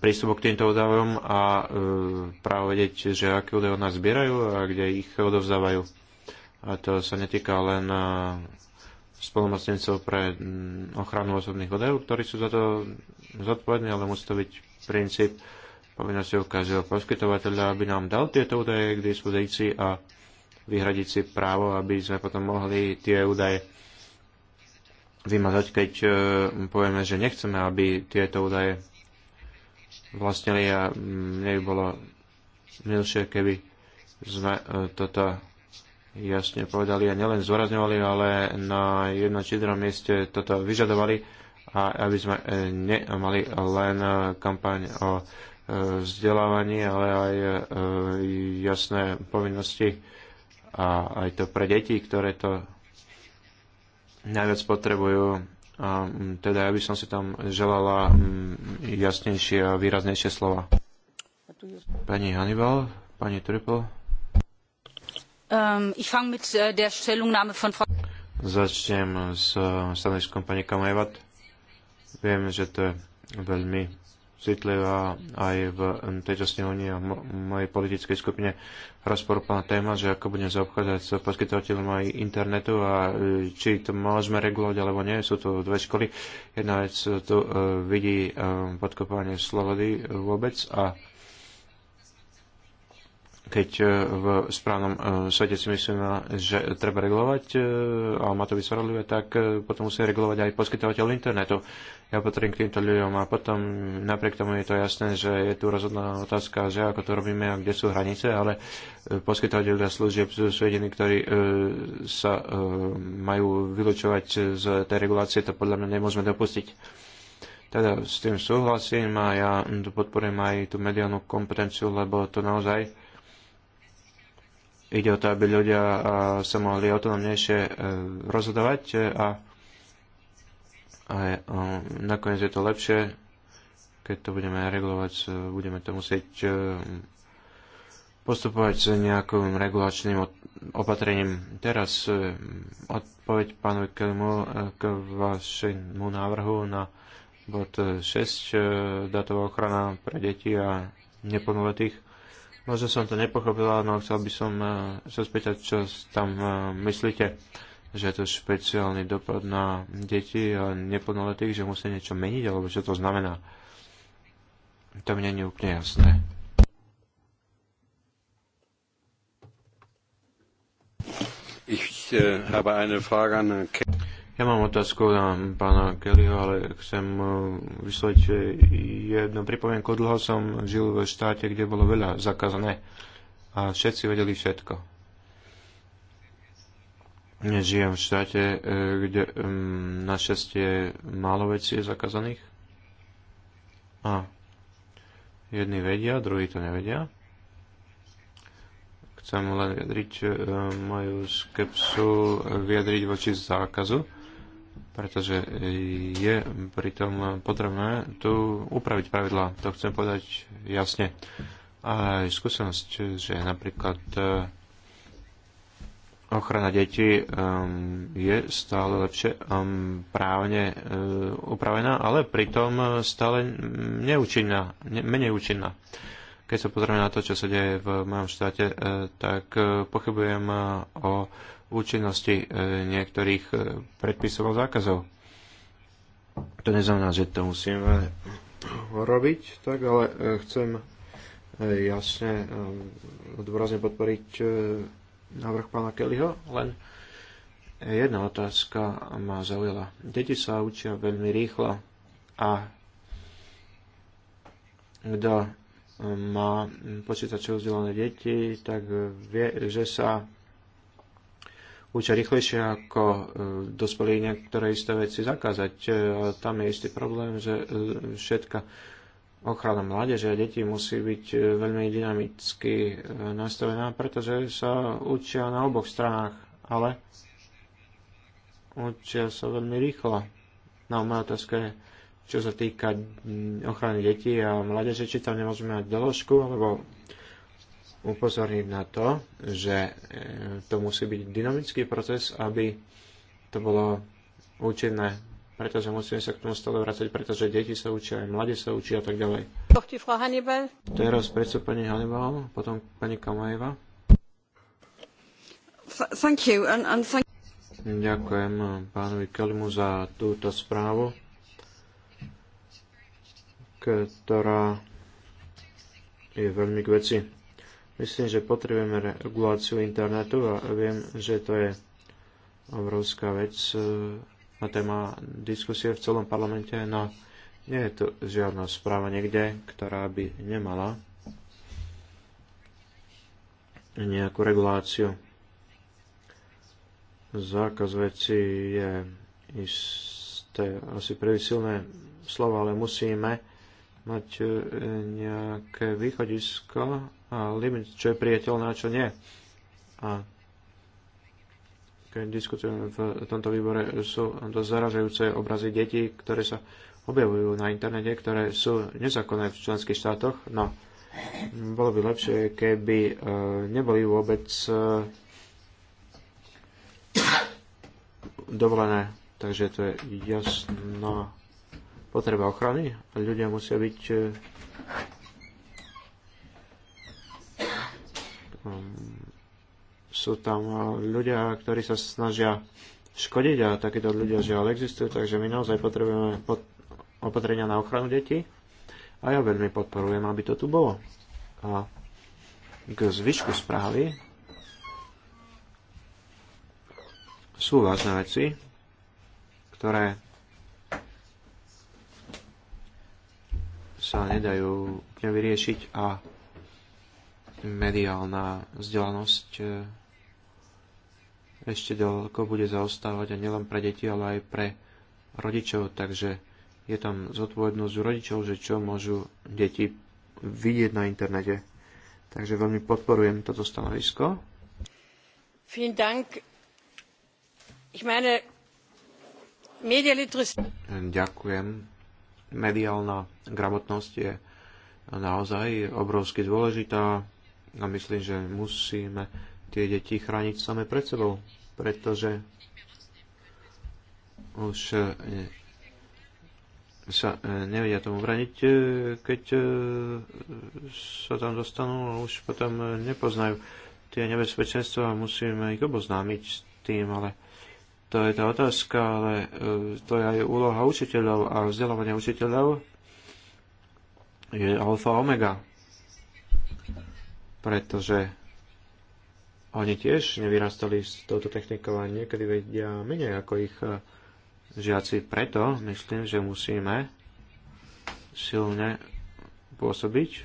S3: prístupu k týmto údajom a e, právo vedieť, že aké údaje od nás zbierajú a kde ich odovzdávajú. A to sa netýka len e, spolomocnencov pre ochranu osobných údajov, ktorí sú za to zodpovední, ale musí to byť princíp povinnosti každého poskytovateľa, aby nám dal tieto údaje k dispozícii a vyhradiť si právo, aby sme potom mohli tie údaje vymazať, keď e, povieme, že nechceme, aby tieto údaje vlastnili a mm, mne by bolo milšie, keby sme e, toto jasne povedali a nielen zvorazňovali, ale na jednom či druhom mieste toto vyžadovali a aby sme e, nemali len e, kampaň o vzdelávaní, ale aj jasné povinnosti a aj to pre deti, ktoré to najviac potrebujú a mm, teda ja by som si tam želala mm, jasnejšie a výraznejšie slova. Pani Hannibal, pani Triple.
S2: Um, ich fang mit äh, der Stellungnahme von Frau...
S3: Začnem s äh, stanoviskom pani Kamajvat. Viem, že to je veľmi citlivá aj v tejto snehovni a mojej politickej skupine rozporúplná téma, že ako budem zaobchádzať s poskytovateľom aj internetu a e, či to môžeme regulovať alebo nie. Sú to dve školy. Jedna vec e, tu e, vidí podkopanie slobody vôbec a keď e, v správnom e, svete si myslíme, že treba regulovať e, a má to byť spravodlivé, tak potom musí regulovať aj poskytovateľ internetu. Ja patrím k týmto ľuďom a potom napriek tomu je to jasné, že je tu rozhodná otázka, že ako to robíme a kde sú hranice, ale poskytovateľia služieb sú jediní, ktorí sa majú vylučovať z tej regulácie, to podľa mňa nemôžeme dopustiť. Teda s tým súhlasím a ja podporujem aj tú mediálnu kompetenciu, lebo to naozaj Ide o to, aby ľudia e, sa mohli autonómnejšie e, rozhodovať e, a, a nakoniec je to lepšie, keď to budeme regulovať, budeme to musieť postupovať s nejakým regulačným opatrením. Teraz odpoveď pánovi Kelimu k vašemu návrhu na bod 6, datová ochrana pre deti a neplnoletých. Možno som to nepochopila, no chcel by som eh, sa spýtať, čo tam eh, myslíte, že je to špeciálny dopad na deti a neplnoletých, že musí niečo meniť, alebo čo to znamená. To mne nie je úplne jasné. Ich, äh, habe eine Frage an... Ja mám otázku na pána Kellyho, ale chcem uh, vysloviť jednu pripomienku. Dlho som žil v štáte, kde bolo veľa zakazané a všetci vedeli všetko. Žijem v štáte, uh, kde um, na šestie málo vecí je zakazaných. A jedni vedia, druhí to nevedia chcem len vyjadriť uh, moju skepsu, vyjadriť voči zákazu pretože e, je pritom potrebné tu upraviť pravidlá. To chcem povedať jasne. A aj skúsenosť, že napríklad e, ochrana detí um, je stále lepšie um, právne uh, upravená, ale pritom stále neúčinná, ne, menej účinná. Keď sa pozrieme na to, čo sa deje v mojom štáte, uh, tak uh, pochybujem uh, o uh, účinnosti e, niektorých e, predpisov a zákazov. To neznamená, že to musíme robiť, tak ale e, chcem jasne dôrazne podporiť návrh pána Kellyho, len jedna otázka ma zaujala. Deti sa učia veľmi rýchlo a kto má počítačov vzdelané deti, tak vie, že sa Učia rýchlejšie ako e, dospelí niektoré isté veci zakázať. E, tam je istý problém, že e, všetka ochrana mládeže a detí musí byť e, veľmi dynamicky nastavená, pretože sa učia na oboch stranách, ale učia sa veľmi rýchlo. No, moja otázka je, čo sa týka ochrany detí a mládeže, či tam nemôžeme mať doložku, alebo upozorniť na to, že e, to musí byť dynamický proces, aby to bolo účinné. Pretože musíme sa k tomu stále vrácať, pretože deti sa učia, aj mladí sa učia a tak ďalej. Teraz predsa pani Hannibal, potom pani Kamajeva.
S4: Thank you and, and thank...
S3: Ďakujem pánovi Kelmu za túto správu, ktorá je veľmi k veci Myslím, že potrebujeme reguláciu internetu a viem, že to je obrovská vec na e, téma diskusie v celom parlamente, no nie je to žiadna správa niekde, ktorá by nemala nejakú reguláciu. Zákaz veci je isté asi príliš silné slovo, ale musíme mať e, nejaké východisko limit, čo je priateľné a čo nie. A keď diskutujeme v tomto výbore, sú dosť zaražajúce obrazy detí, ktoré sa objavujú na internete, ktoré sú nezákonné v členských štátoch. No, bolo by lepšie, keby e, neboli vôbec e, dovolené. Takže to je jasná potreba ochrany. Ľudia musia byť e, Ehm, sú tam eh, ľudia, ktorí sa snažia škodiť a takíto ľudia žiaľ existujú, takže my naozaj potrebujeme pod, opatrenia na ochranu detí a ja veľmi podporujem, aby to tu bolo. A k zvyšku správy sú vážne veci, ktoré sa nedajú nevyriešiť vyriešiť a mediálna vzdelanosť e, ešte ďaleko bude zaostávať a nielen pre deti, ale aj pre rodičov, takže je tam zodpovednosť rodičov, že čo môžu deti vidieť na internete. Takže veľmi podporujem toto stanovisko.
S1: Vielen Dank. Ich meine,
S4: Ďakujem.
S3: Mediálna gramotnosť je naozaj obrovsky dôležitá. A myslím, že musíme tie deti chrániť same pred sebou, pretože už e, sa e, nevedia tomu vraniť, e, keď sa tam dostanú, už potom nepoznajú tie nebezpečenstva a musíme ich oboznámiť s tým, ale to je tá otázka, ale to je aj úloha učiteľov a vzdelávania učiteľov je alfa omega pretože oni tiež nevyrastali s touto technikou a niekedy vedia menej ako ich eh, žiaci. Preto myslím, že musíme silne pôsobiť v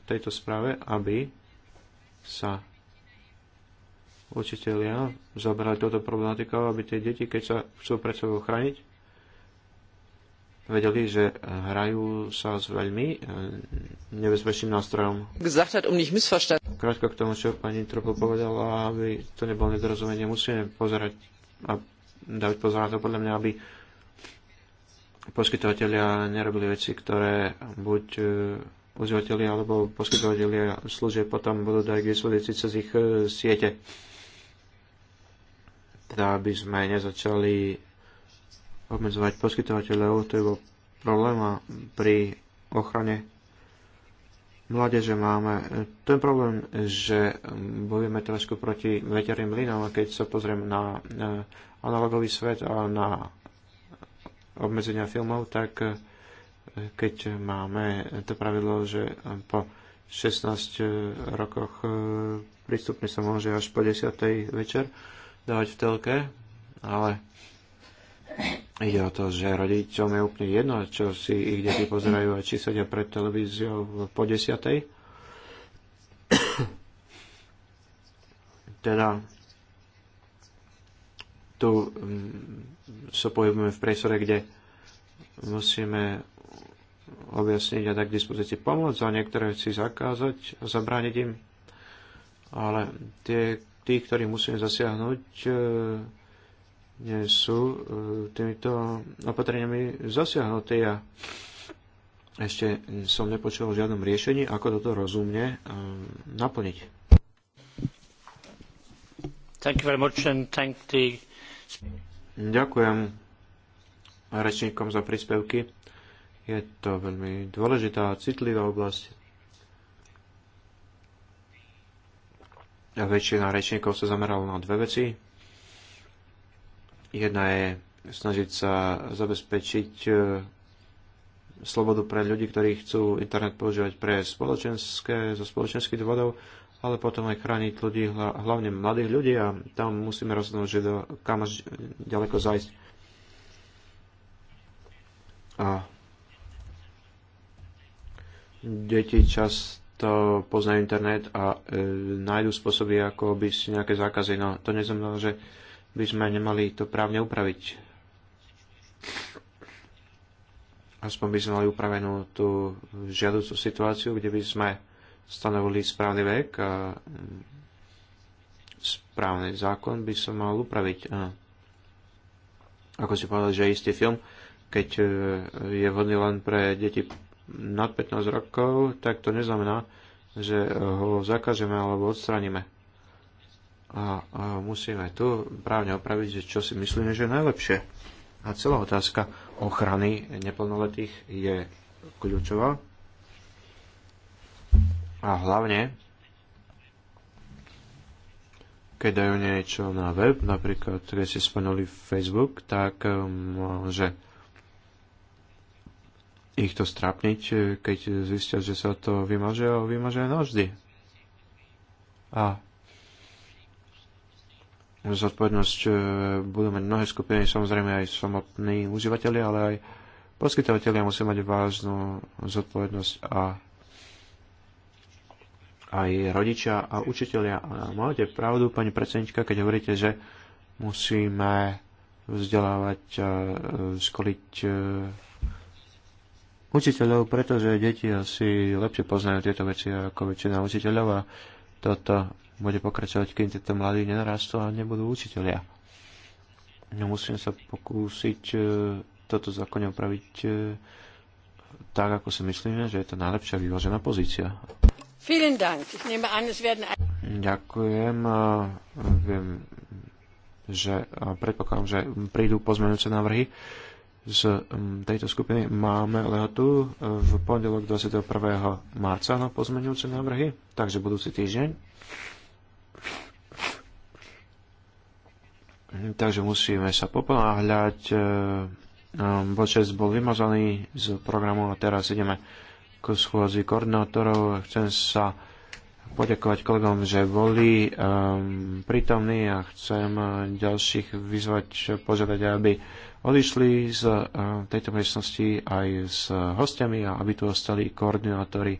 S3: eh, tejto správe, aby sa učiteľia zabrali toto problematikou, aby tie deti, keď sa chcú pred sebou chrániť, vedeli, že hrajú sa s veľmi e, nebezpečným nástrojom. Um Krátko k tomu, čo pani Trupo povedala, aby to nebolo nedorozumenie, musíme pozerať a dať pozor na to podľa mňa, aby poskytovateľia nerobili veci, ktoré buď e, užívateľi alebo poskytovateľia služie potom budú dať k dispozícii cez ich e, siete. Teda aby sme nezačali obmedzovať poskytovateľov, to je bol problém a pri ochrane mládeže máme ten problém, že bojujeme trošku proti veterným mlynom a keď sa pozriem na e, analogový svet a na obmedzenia filmov, tak e, keď máme to pravidlo, že po 16 e, rokoch prístupne sa môže až po 10. večer dávať v telke, ale Ide o to, že rodičom je úplne jedno, čo si ich deti pozerajú a či sedia pred televíziou po desiatej. teda tu mm, sa pohybujeme v priestore, kde musíme objasniť a tak k dispozícii pomoc a niektoré veci zakázať a zabrániť im. Ale tie, tí, ktorí musíme zasiahnuť, e, sú e, týmito opatreniami zasiahnuté. Ja ešte som nepočul o žiadnom riešení, ako toto rozumne e, naplniť. Thank you very much and thank the... Ďakujem rečníkom za príspevky. Je to veľmi dôležitá a citlivá oblasť. A väčšina rečníkov sa zamerala na dve veci Jedna je snažiť sa zabezpečiť e, slobodu pre ľudí, ktorí chcú internet používať pre spoločenské, zo spoločenských dôvodov, ale potom aj chrániť ľudí, hlavne mladých ľudí a tam musíme rozhodnúť, že do, kam až ďaleko zajsť. A deti často poznajú internet a e, nájdú spôsoby, ako by si nejaké zákazy, no to neznamená, že e, by sme nemali to právne upraviť. Aspoň by sme mali upravenú tú žiaducú situáciu, kde by sme stanovili správny vek a správny zákon by sa mal upraviť. A ako si povedal, že istý film, keď e, je vhodný len pre deti nad 15 rokov, tak to neznamená, že ho zakažeme alebo odstraníme a, a musíme tu právne opraviť, čo si myslíme, že je najlepšie. A celá otázka ochrany neplnoletých je kľúčová. A hlavne, keď dajú niečo na web, napríklad, keď si spomenuli Facebook, tak um, môže ich to strapniť, keď zistia, že sa to vymaže a vymaže navždy. A zodpovednosť e, budú mať mnohé skupiny, samozrejme aj samotní užívateľi, ale aj poskytovateľia musia mať vážnu zodpovednosť a aj rodičia a učitelia. A máte pravdu, pani predsednička, keď hovoríte, že musíme vzdelávať a e, školiť e, učiteľov, pretože deti asi lepšie poznajú tieto veci ako väčšina učiteľov a toto bude pokračovať, keď tieto mladí nenarastú a nebudú učiteľia. No, musím sa pokúsiť e, toto zákonne upraviť e, tak, ako si myslíme, že je to najlepšia vyvážená pozícia. Ďakujem. a Viem, že predpokladám, že prídu pozmenujúce návrhy z tejto skupiny. Máme lehotu e, v pondelok 21. marca na pozmenujúce návrhy, takže budúci týždeň. Takže musíme sa poponáhľať. Bod e, e, 6 bol vymazaný z programu a teraz ideme k schôzi koordinátorov. Chcem sa poďakovať kolegom, že boli um, prítomní a chcem ďalších vyzvať, požiadať, aby odišli z uh, tejto miestnosti aj s hostiami a aby tu ostali koordinátori